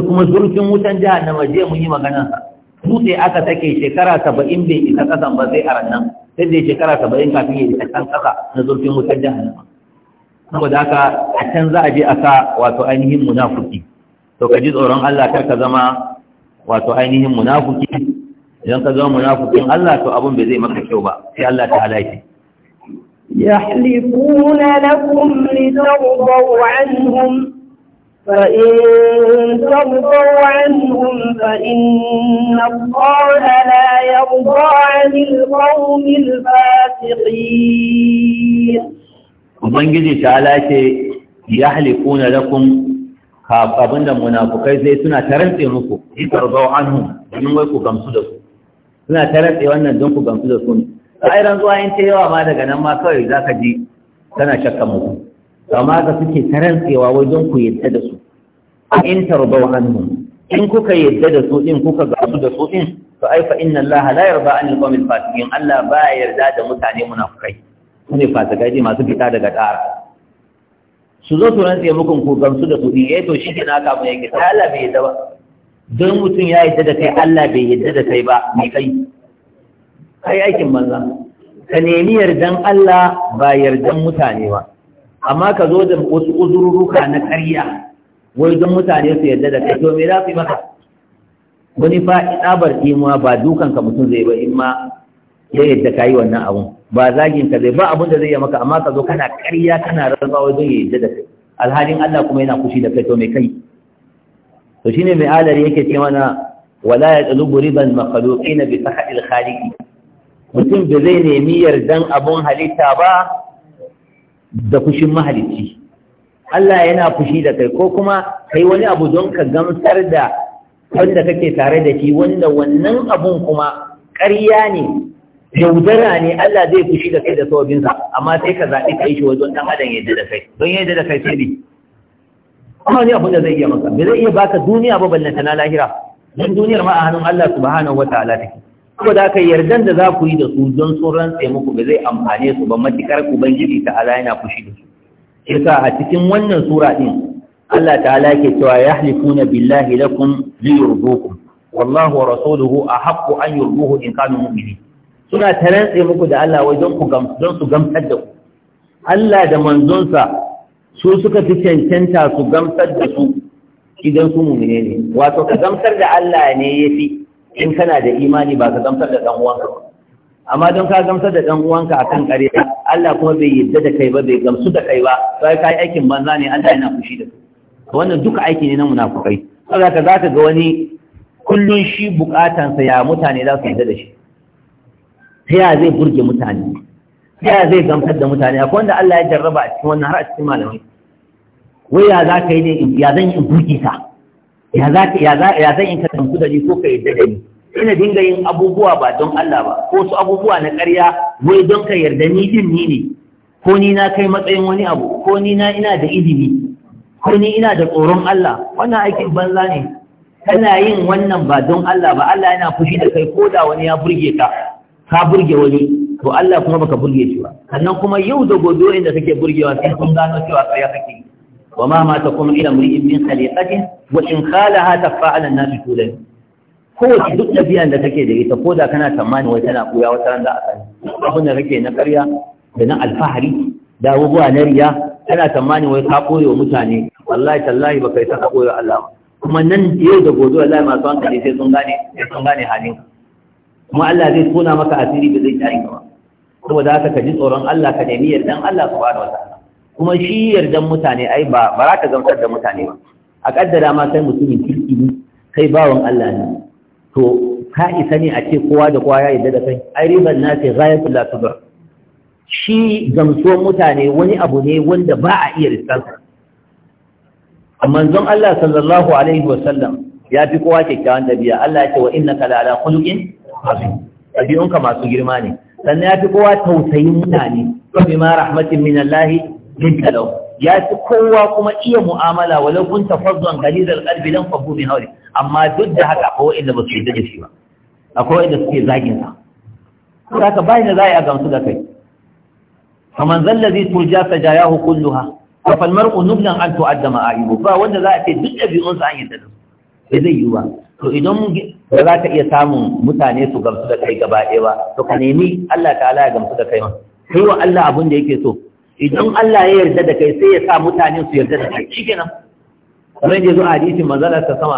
S1: kuma zurfin wutan jahannama je mun yi magana dutse aka take shekara saba'in bai isa ƙasan ba sai a rannan sai dai shekara saba'in kafin ya isa kan ƙasa na zurfin wutar jahannama da aka a can za a je a sa wato ainihin munafuki to ka ji tsoron Allah kar ka zama wato ainihin munafuki idan ka zama munafukin Allah to abun bai zai maka kyau ba sai Allah ta halaki
S2: يحلفون لكم لترضوا عنهم فإن ترضوا عنهم فإن الله لا يرضى عن القوم الفاسقين
S1: Ubangiji ta lace ya halikuna lakum abinda munafukai zai suna ta rantse muku, yi anhu, domin wai ku gamsu da su. suna ta ratse wannan don ku gamsu da su ne ai rantsuwa in ta yawa ma daga nan ma kawai za ka ji tana shakka mutum amma ka suke ta rantsewa wajen ku yadda da su in tarbau anhum in kuka yadda da su din kuka gamsu da su din to ai fa inna Allah la yarda an al-qawmil fasiqin Allah ba ya yarda da mutane munafikai ne fasikai ne masu fita daga tsara su zo su rantse muku ku gamsu da su din eh to shi ke na kamun yake ta Allah bai yarda ba don mutum ya yadda da kai Allah bai yadda da kai ba mai kai kai aikin banza ka nemi yardan Allah ba yardan mutane ba amma ka zo da wasu uzururuka na karya wai don mutane su yadda da kai to me za su yi maka wani fa tsabar imuwa ba dukan ka mutum zai ba in ma ya yadda ka yi wannan abun ba zagin ka zai ba abun da zai yi maka amma ka zo kana karya, kana rarrawa don ya yadda da kai alhalin Allah kuma yana kushi da kai to me kai to shine mai alari yake ce mana wala ya ban riban na bi sahil khaliki mutum da zai nemi yardan abun halitta ba da kushin mahalicci Allah yana fushi da kai ko kuma kai wani abu don ka gamsar da wanda kake tare da shi wanda wannan abun kuma karya ne yaudara ne Allah zai fushi da kai da sawabinsa amma sai ka zaɓi kai shi wajen ɗan adam yadda da kai don yadda da kai sai ne amma ne abin da zai iya maka bai zai iya baka duniya ba ta na lahira don duniyar ma a hannun Allah subhanahu wa ta'ala take saboda haka yardan da za ku yi da su don sun rantse muku ba zai amfane su ba matukar ubangiji ta ala yana fushi da su yasa a cikin wannan sura din Allah ta'ala ke cewa yahlifuna billahi lakum liyurdukum wallahu wa rasuluhu ahaqqu an yurduhu in kanu mu'minin suna tarantse muku da Allah wai don ku gam don su gamsar da ku Allah da manzonsa su suka fi cancanta su gamsar da su idan su mumine ne wato ka gamsar da Allah ne ya fi in kana da imani ba ka gamsar da ɗan uwanka ba amma don ka gamsar da ɗan uwanka a kan ƙarya Allah kuma bai yadda da kai ba bai gamsu da kai ba sai ka yi aikin banza ne Allah yana fushi da Ka wannan duka aiki ne na munafukai saboda ka za ka ga wani kullun shi bukatansa ya mutane za su yadda da shi ta ya zai burge mutane ya zai gamsar da mutane akwai wanda Allah ya jarraba a cikin wannan har a cikin malamai wai ya za ka yi ne ya zan yi in burge ya zan yi ka gamsu da ni ko ka yarda da ni ina dinga yin abubuwa ba don Allah ba ko su abubuwa na ƙarya wai don ka yarda ni din ni ne ko ni na kai matsayin wani abu ko ni na ina da ilimi ko ni ina da tsoron Allah wannan aikin banza ne kana yin wannan ba don Allah ba Allah yana fushi da kai ko da wani ya burge ka ka burge wani to Allah kuma baka burge shi ba sannan kuma yau da gobe inda kake burgewa sai kun gano cewa kai kake wa ma ma takum ila mri'in min khaliqatin wa in khalaha tafa'ala an-nas tulani wace duk tafiyan da kake da ita ko da kana tsammani wai tana koya wata ran za a sani abin da kake na ƙarya da na alfahari da abubuwa na riya kana tsammani wai ka koyo mutane wallahi tallahi baka yi ta koyo Allah ba kuma nan yau da gobe wallahi masu hankali sai sun gane sai sun gane halin kuma Allah zai tona maka asiri da zai tare ka ba saboda haka ka ji tsoron Allah ka nemi yardan Allah subhanahu wataala kuma shi yardan mutane ai ba ba za ka gamsar da mutane ba a kaddara ma sai mutumin kirki ne kai bawan Allah ne to ka isa ne a ce kowa da kowa ya yarda da kai ai riban na ce ghayatul la ba.
S2: shi
S1: gamsuwar mutane wani abu ne wanda ba a iya riskansa amma manzon Allah sallallahu alaihi wasallam ya fi kowa kyakkyawan dabi'a Allah ya ce wa innaka la ala khuluqin ɗabi'unka masu girma ne sannan ya fi kowa tausayin mutane ko bi ma rahmatin min Allah min talau ya fi kowa kuma iya mu'amala walau kun tafazzon galidal qalbi lan fahu min hawli amma duk da haka akwai wanda ba su yi da shi ba akwai suke zagin sa saka bai da za a gamsu da kai faman zallazi turja sajayahu kulluha wa fal mar'u nublan an tu'adda ma'aibu ba wanda za a ce duk ɗabi'unsa an yi da su zai yi ba to idan ba za ka iya samun mutane su gamsu da kai gaba ɗaya ba to ka nemi Allah ta'ala ya gamsu da kai ma kai wa Allah abin da yake so idan Allah ya yarda da kai sai ya sa mutane su yarda da kai shikenan kamar yadda zo a hadisin manzalar ta sama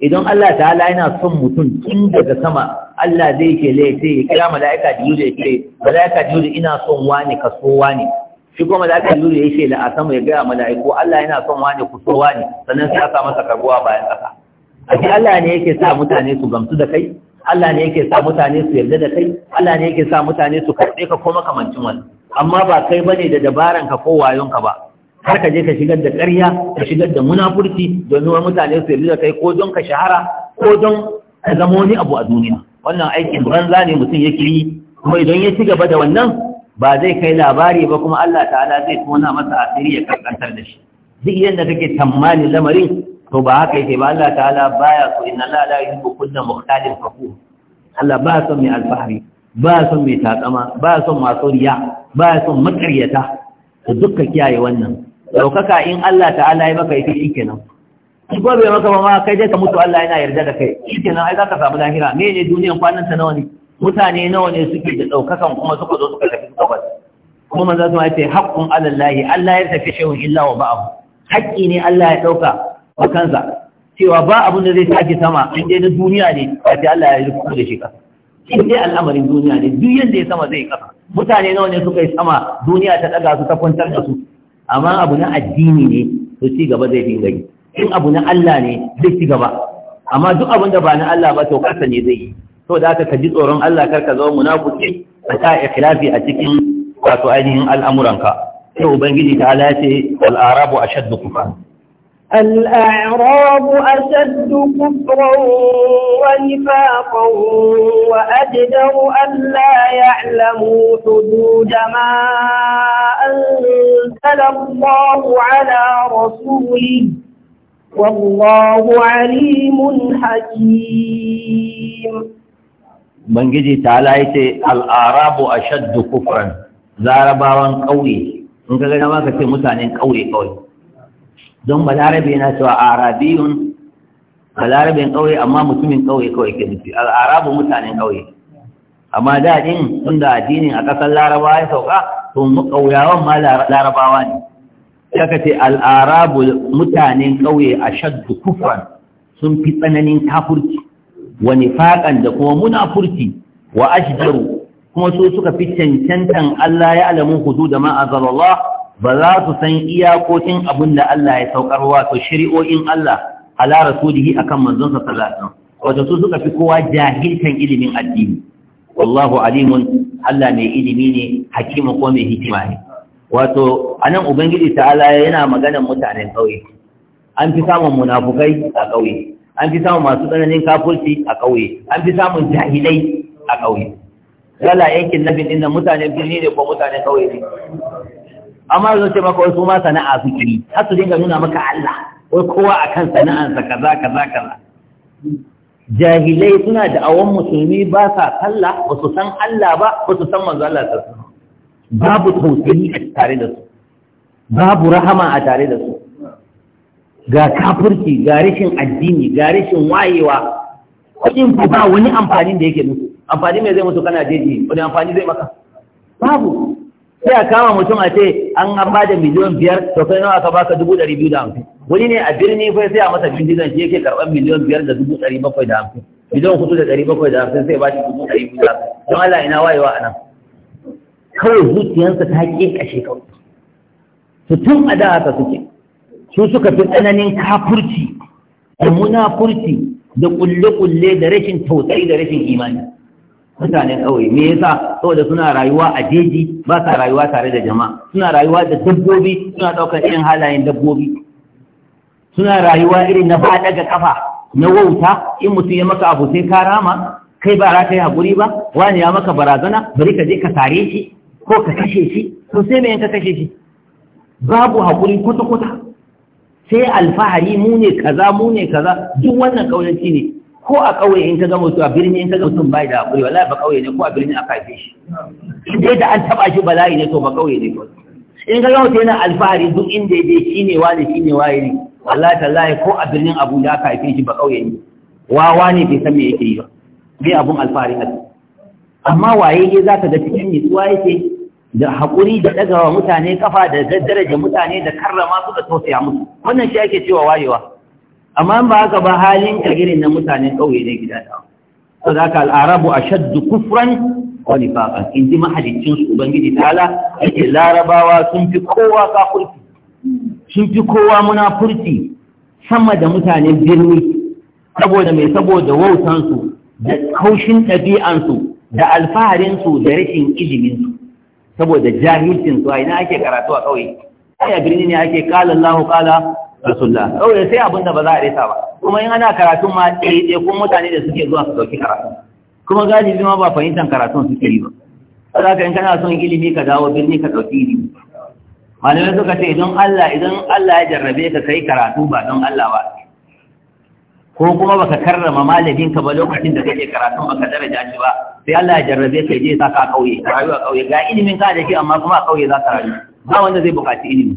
S1: idan Allah ta'ala yana son mutum tun daga sama Allah zai ke laifi ya kira mala'ika da ya ce mala'ika jibril ina son wani ka so wani shi kuma mala'ika lura ya ce la a sama ya gaya mala'iku Allah yana son wani ku so wani sannan sai aka masa karbuwa bayan kasa a ce Allah ne yake sa mutane su gamsu da kai Allah ne yake sa mutane su yarda da kai Allah ne yake sa mutane su karɓe ka ko makamancin wani amma ba kai bane da dabaran ka ko wayon ka ba har ka je ka shigar da ƙarya ka shigar da munafurci domin wa mutane su yarda da kai ko don ka shahara ko don ka zama wani abu a duniya wannan aikin banza ne mutum yake yi kuma idan ya ci gaba da wannan ba zai kai labari ba kuma Allah ta'ala zai tona masa asiri ya karkantar da shi duk yadda kake tammani lamarin to ba haka yake ba Allah ta'ala baya so inna Allah la yuhibbu kulla mukhtalin fakhur
S2: Allah ba son mai alfahari
S1: ba son mai takama ba son masu riya ba son makaryata da dukkan kiyaye wannan daukaka in Allah ta'ala ya maka yake shikenan shi gobe maka ba ma kai dai ka mutu Allah yana yarda da kai shikenan ai zaka samu lahira me ne duniyan kwanan ta nawa ne mutane nawa ne suke da daukakan kuma suka zo suka tafi gabas kuma manzo sun ce haqqun ala Allah Allah ya tafi shehu illa wa ba'ahu haƙƙi ne Allah ya dauka wa kansa cewa ba abin da zai sake sama in dai na duniya ne ba sai Allah ya yi rufu da shi kasa in dai al'amarin duniya ne duk yanda ya sama zai kasa mutane nawa ne suka yi sama duniya ta daga su ta kwantar da su amma abu na addini ne to ci gaba zai dinga yi in abu na Allah ne zai ci gaba amma duk abin da ba na Allah ba to kasa ne zai yi to da aka ji tsoron Allah kar ka zama munafiki a ta ikhlafi a cikin wato ainihin al'amuranka sai ubangiji ta ala ce wal arabu ashaddu kufar
S2: الأعراب أشد كفرا ونفاقا وأجدر أن لا يعلموا حدود ما أنزل الله على رسوله والله عليم حكيم
S1: من جدي تعالىت الأعراب أشد كفرا زاربا قوي إن كان ما كتير متعن قوي قوي don balarabe yana cewa arabiyun balarabin ƙauye amma mutumin ƙauye kawai ke nufi al'arabu mutanen ƙauye amma da din tunda addinin a ƙasar laraba ya sauka to ƙauyawan ma larabawa ne ya ce al'arabu mutanen ƙauye a shaddu kufran sun fi tsananin kafurci wa nifaƙan da kuma munafurci wa ashjaru kuma su suka fi cancantan Allah ya alamu hudu da ma ba za su san iyakokin abin da Allah ya saukar wato shari'o'in Allah ala rasulihi akan manzonsa sallallahu wato su suka fi kowa jahilcan ilimin addini wallahu alimun Allah mai ilimi ne hakima ko mai hikima ne wato anan ubangiji ta'ala yana maganan mutanen kauye an fi samun munafukai a kauye an fi samun masu tsananin kafurci a kauye an fi samun jahilai a kauye yala yankin nabin din mutanen birni ne ko mutanen kauye ne amma yanzu ce maka wasu ma sana'a suke yi har su dinga nuna maka Allah wai kowa akan sana'ansa kaza kaza kaza jahilai suna da awon musulmi ba sa sallah ba su san Allah ba ba su san manzo Allah wasallam babu tausayi a tare da su babu rahama a tare da su ga kafirci ga rashin addini ga rashin wayewa kuɗin ku ba wani amfani da yake musu amfani mai zai mutu kana jeji wani amfani zai maka babu sai a kama mutum a ce an ba da miliyon biyar to kai nawa ka baka dubu ɗari biyu da hamsin wani ne a birni fa sai a masa dizan shi yake karɓar miliyon biyar da dubu ɗari bakwai da hamsin miliyon hudu da ɗari bakwai da hamsin sai ba shi dubu ɗari biyu da hamsin don Allah ina wayewa a nan kawai zuciyarsa ta ƙi ƙashe kawai su tun a da haka suke su suka fi tsananin kafurci da munafurci da ƙulle-ƙulle da rashin tausayi da rashin imani mutanen ƙauye me yasa saboda suna rayuwa a jeji ba sa rayuwa tare da jama'a suna rayuwa da dabbobi suna ɗaukar irin halayen dabbobi suna rayuwa irin na ba daga kafa na wauta in mutum ya maka abu sai ka rama kai ba ra kai haƙuri ba wani ya maka barazana bari ka je ka sare shi ko ka kashe shi to sai me ka kashe shi babu hakuri kwata-kwata sai alfahari mu ne kaza mu ne kaza duk wannan ƙauyanci ne ko a ƙauye in ka ga mutum a birni in ka ga mutum bai da haƙuri wallahi ba ƙauye ne ko a birni a kafe shi dai da an taɓa shi bala'i ne to ba ƙauye ne ko in ka ga mutum yana alfahari duk inda ya je ne wani ne waye ne wallahi tallahi ko a birnin Abuja aka haife shi ba ƙauye ne wawa ne bai san me yake yi ba bai abun alfahari ne amma waye ne ka ga cikin nutsuwa yake da haƙuri da ɗagawa mutane kafa da daraja mutane da karrama su da tausaya musu wannan shi ake cewa wayewa amma ba haka ba halin ka irin na mutanen ƙauye na gida ta A da ka al'arabu a shaddu kufran wa nifaqan in ji mahaliccin su ubangiji ta'ala yake larabawa sun fi kowa kafirci sun fi kowa munafurci sama da mutanen birni saboda mai saboda wautansu da kaushin ɗabi'ansu da alfaharinsu da rashin iliminsu saboda jahilcinsu a ina ake karatu a ƙauye a birni ne ake kala Allahu kala rasulullah saboda sai abin da ba za a resa ba kuma in ana karatun ma ɗaiɗe ko mutane da suke zuwa su ɗauki karatu kuma galibi ma ba fahimtar karatun suke yi ba saboda ka in kana son ilimi ka dawo birni ka ɗauki ilimi malamai suka ce idan Allah idan Allah ya jarrabe ka kai karatu ba don Allah ba ko kuma baka karrama malamin ka ba lokacin da kake karatu baka daraja shi ba sai Allah ya jarrabe ka je saka kauye rayuwa kauye ga ilimin ka da shi amma kuma kauye za ka rayu ba wanda zai buƙaci ilimi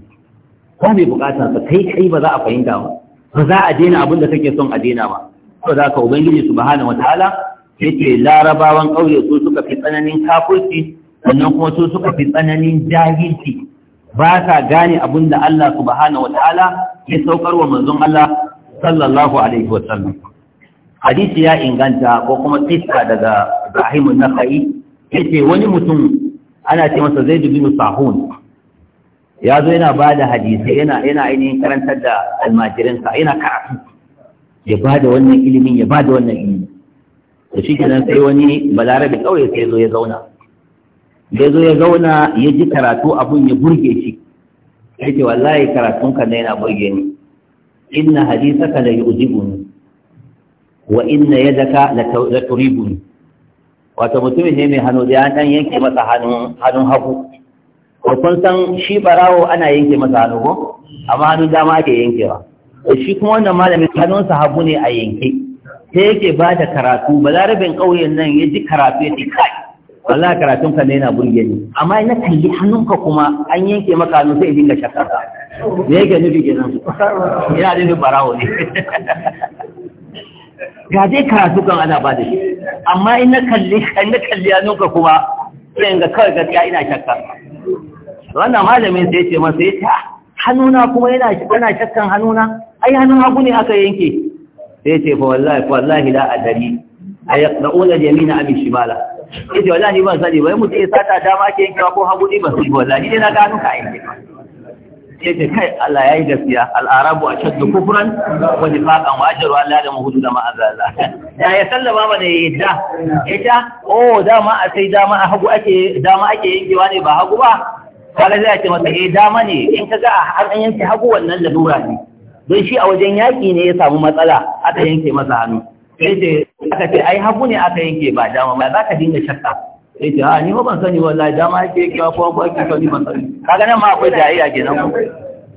S1: ba mai bukatar sa kai kai ba za a fahimta ba ba za a daina abin da kake son a daina ba to da ka ubangiji subhanahu wataala yace larabawan kauye su suka fi tsananin kafirci sannan kuma su suka fi tsananin jahilci ba sa gane abin da Allah subhanahu wataala ya saukar wa manzon Allah sallallahu alaihi wasallam hadisi ya inganta ko kuma tsitsa daga Ibrahim an-Nakhai yace wani mutum ana ce masa Zaid bin Sahun ya zo yana ba da hadisai yana ainihin karantar da almajirinsa yana karatu ya ba da wannan ilimin ya ba da wannan ilimin da shi kenan sai wani balarabe kawai sai zo ya zauna da zo ya zauna ya ji karatu abun ya burge shi ya ce wallahi karatun na yana burge ni inna hadisaka la yu'jibuni wa inna yadaka la turibuni wato mutumin ne mai hannu da ya yanke masa hannun hagu ko kun san shi barawo ana yanke masa hannu ko amma hannun dama ake yankewa to shi kuma wannan malamin sa habu ne a yanke sai yake ba da karatu ba rabin ƙauyen nan ya ji karatu ya ce kai wallahi karatun ka ne yana burge ni amma ina kalli ka kuma an yanke maka hannu sai dinga shakka me yake nufi kenan Ina nufin barawo ne ga dai karatu kan ana ba da shi amma ina kalli ina kalli ka kuma sai ga kawai gaskiya ina shakka wannan malamin sai ce masa ya ta ah, hannuna kuma yana kana shakkan hannuna ai hannun hagu ne aka yanke sai ce fa wallahi wallahi la adari ay yaqdauna yamina abi shimala sai wallahi ban sani bai mu sai sata dama ke yankewa ko hagu ne ba sai wallahi dai na ga hannun ka yanke yake kai Allah ya yi gaskiya al'arabu a shaddu kufuran wani faƙan wa ajaru Allah da mahudu da ma'azala da ya sallama ba da ya yadda oh dama a sai dama a hagu ake dama ake yankewa ne ba hagu ba kaga zai ce masa eh dama ne in ka kaga har an yanke hagu wannan da lalura ne don shi a wajen yaki ne ya samu matsala aka yanke masa hannu sai ce aka ce ai hagu ne aka yanke ba dama ba za ka dinga shakka sai a ah, ni ma ban sani wallahi dama yake ka ko ko ki sani ban sani kaga nan ma akwai jayayya kenan ko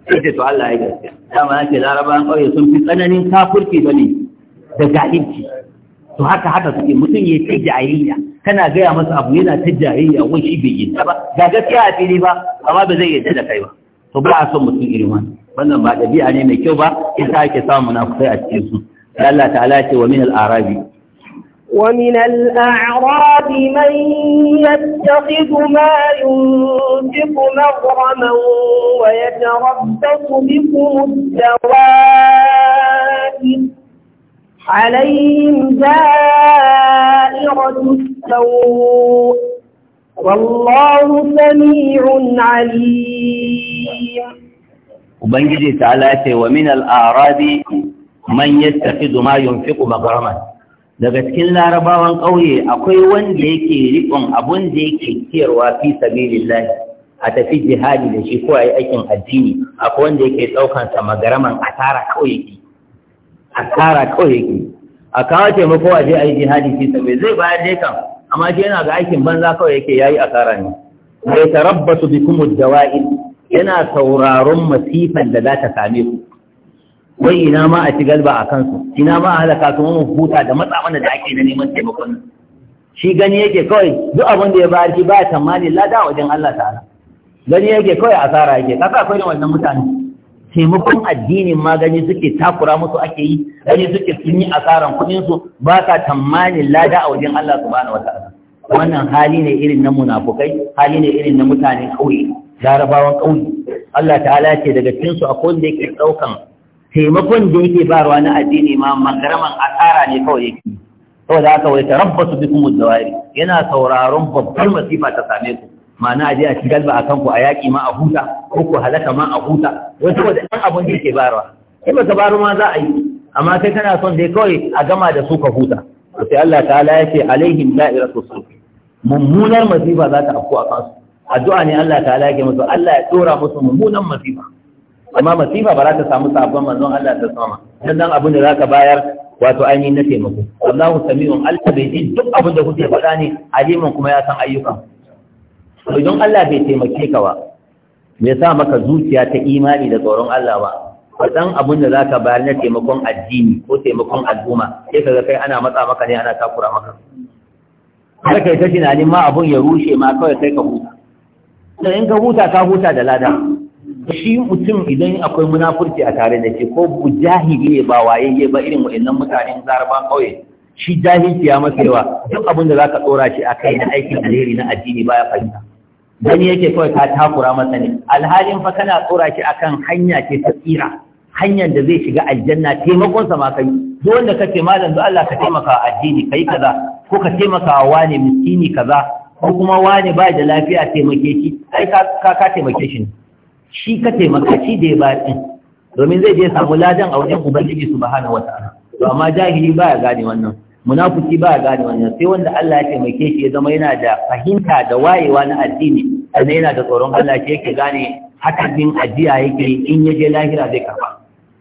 S1: sai ce to Allah ya gaskiya dama yake larabawan kauye sun fi tsananin kafurci da ne da jahilci to haka haka suke mutum ya ta jayayya kana gaya masa abu yana ta jayayya wai shi bai yi ba ga gaskiya a fili ba amma ba zai yarda da kai ba to ba a son mutum irin wannan wannan ba ɗabi'a ne mai kyau ba in ta ake samun munafukai a cikin su Allah ta'ala ce wa min al-arabi
S2: ومن الأعراب من يتخذ ما ينفق مغرما ويتربص بكم الدوائر عليهم دائرة السوء والله سميع عليم
S1: وبنجي تعالى ومن الأعراب من يتخذ ما ينفق مغرما daga cikin larabawan ƙauye akwai wanda yake riƙon abun da yake kiyarwa fi sabilillahi a tafi jihadi da shi ko a yi aikin addini akwai wanda yake ɗaukan sa magaraman asara ƙauye yake asara ƙauye yake a kawo taimako a je a yi jihadi fi sabi zai bayar dai kan amma shi yana ga aikin banza kawai yake yayi asara ne mai tarabbasu bikum ad yana sauraron masifan da za ta same ku wai ina ma a ci galba a kansu ina ma a halaka su mun huta da matsa mana da ake na neman taimakon shi gani yake kawai duk abin da ya bayar shi ba tamani lada wajen Allah ta'ala gani yake kawai asara yake kasa akwai da wannan mutane taimakon addinin ma gani suke takura musu ake yi gani suke sun yi asaran kudin su ba ka tamani lada a wajen Allah subhanahu wataala wannan hali ne irin na munafukai hali ne irin na mutane kauye jarabawan kauye Allah ta'ala ce daga cikin su akwai wanda yake daukan taimakon da yake barwa na addini ma makaraman asara ne kawai yake saboda haka wai tarabbasu bikum ad-dawari yana sauraron babbar masifa ta same ku ma'ana aje a ci a kan ku a yaki ma a huta ko ku halaka ma a huta wai saboda dan abun da yake barwa sai baka baro ma za a yi amma kai kana son dai kawai a gama da su ka huta sai Allah ta'ala ya ce alaihim da'iratu su mummunar masifa za ta afku a kansu addu'a ne Allah ta'ala ya ke musu Allah ya dora musu mummunan masifa amma masifa ba za ta samu sabon manzon Allah ta sama dan dan abin da zaka bayar wato ainihin na taimako Allahu sami'un al-kabidi duk abin da kuke faɗa ne aliman kuma ya san ayyukan to idan Allah bai taimake ka ba me sa maka zuciya ta imani da tsoron Allah ba wadan abin da zaka bayar na taimakon addini ko taimakon al'umma sai kaga kai ana matsa maka ne ana takura maka har kai ta tunanin ma abun ya rushe ma kawai kai ka huta to in ka huta ka huta da lada shi mutum idan akwai munafurci a tare da shi ko jahili ne ba waye wayayye ba irin wa'annan mutanen zaraba kauye shi jahilci ya masa yawa duk abin da zaka tsora shi akai na aikin alheri na addini baya fahimta dan yake kawai ka takura masa ne alhalin fa kana tsora shi akan hanya ce ta tsira hanyar da zai shiga aljanna taimakon sa ma kai duk wanda kake malam da Allah ka taimaka addini kai kaza ko ka taimaka wa wani miskini kaza ko kuma wani ba da lafiya taimake shi kai ka ka taimake shi shi ka taimaka shi da ya ɗin domin zai je samu ladan a wajen ubangiji su bahana wata to amma jahili ba ya gane wannan munafuki ba ya gane wannan sai wanda Allah ya taimake shi ya zama yana da fahimta da wayewa na addini ana yana da tsoron Allah shi yake gane hakakin ajiya yake in ya je lahira zai karba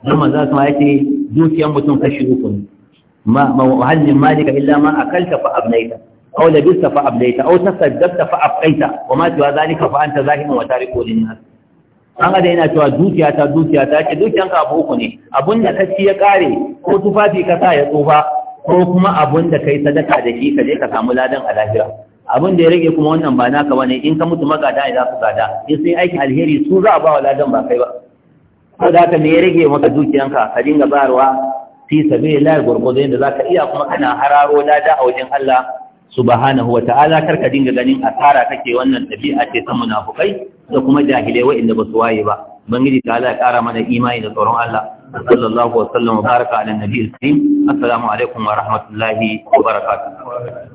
S1: don manzo kuma yake dukiyar mutum kashi uku ne ma muhallin malika illa ma akalta fa abnaita أو لبست فأبليت أو تصدقت فأبقيت وما سوى ذلك فأنت ذاهم وتارك للناس an ada yana cewa dukiya ta dukiya ta ce dukiyan ka abu uku ne abun da ka ya kare ko tufafi ka sa ya tsufa ko kuma abun da kai sadaka da shi ka je ka samu ladan a lahira abun da ya rage kuma wannan ba naka bane in ka mutu magada ne za su gada in sai aiki alheri su za a ba wa ladan ba kai ba ko da ka ne ya rage maka dukiyanka ka dinga bayarwa fi sabilillah gurgudu yadda za ka iya kuma kana hararo lada a wajen Allah subhanahu wa ta'ala kar ka dinga ganin asara kake wannan tabi'a ce ta munafukai da kuma jahilai waɗanda ba su waye ba Bangiji ta Allah ya ƙara mana imani da tsoron Allah sallallahu alaihi wa sallam baraka ala nabiyil karim assalamu alaikum wa rahmatullahi wa barakatuh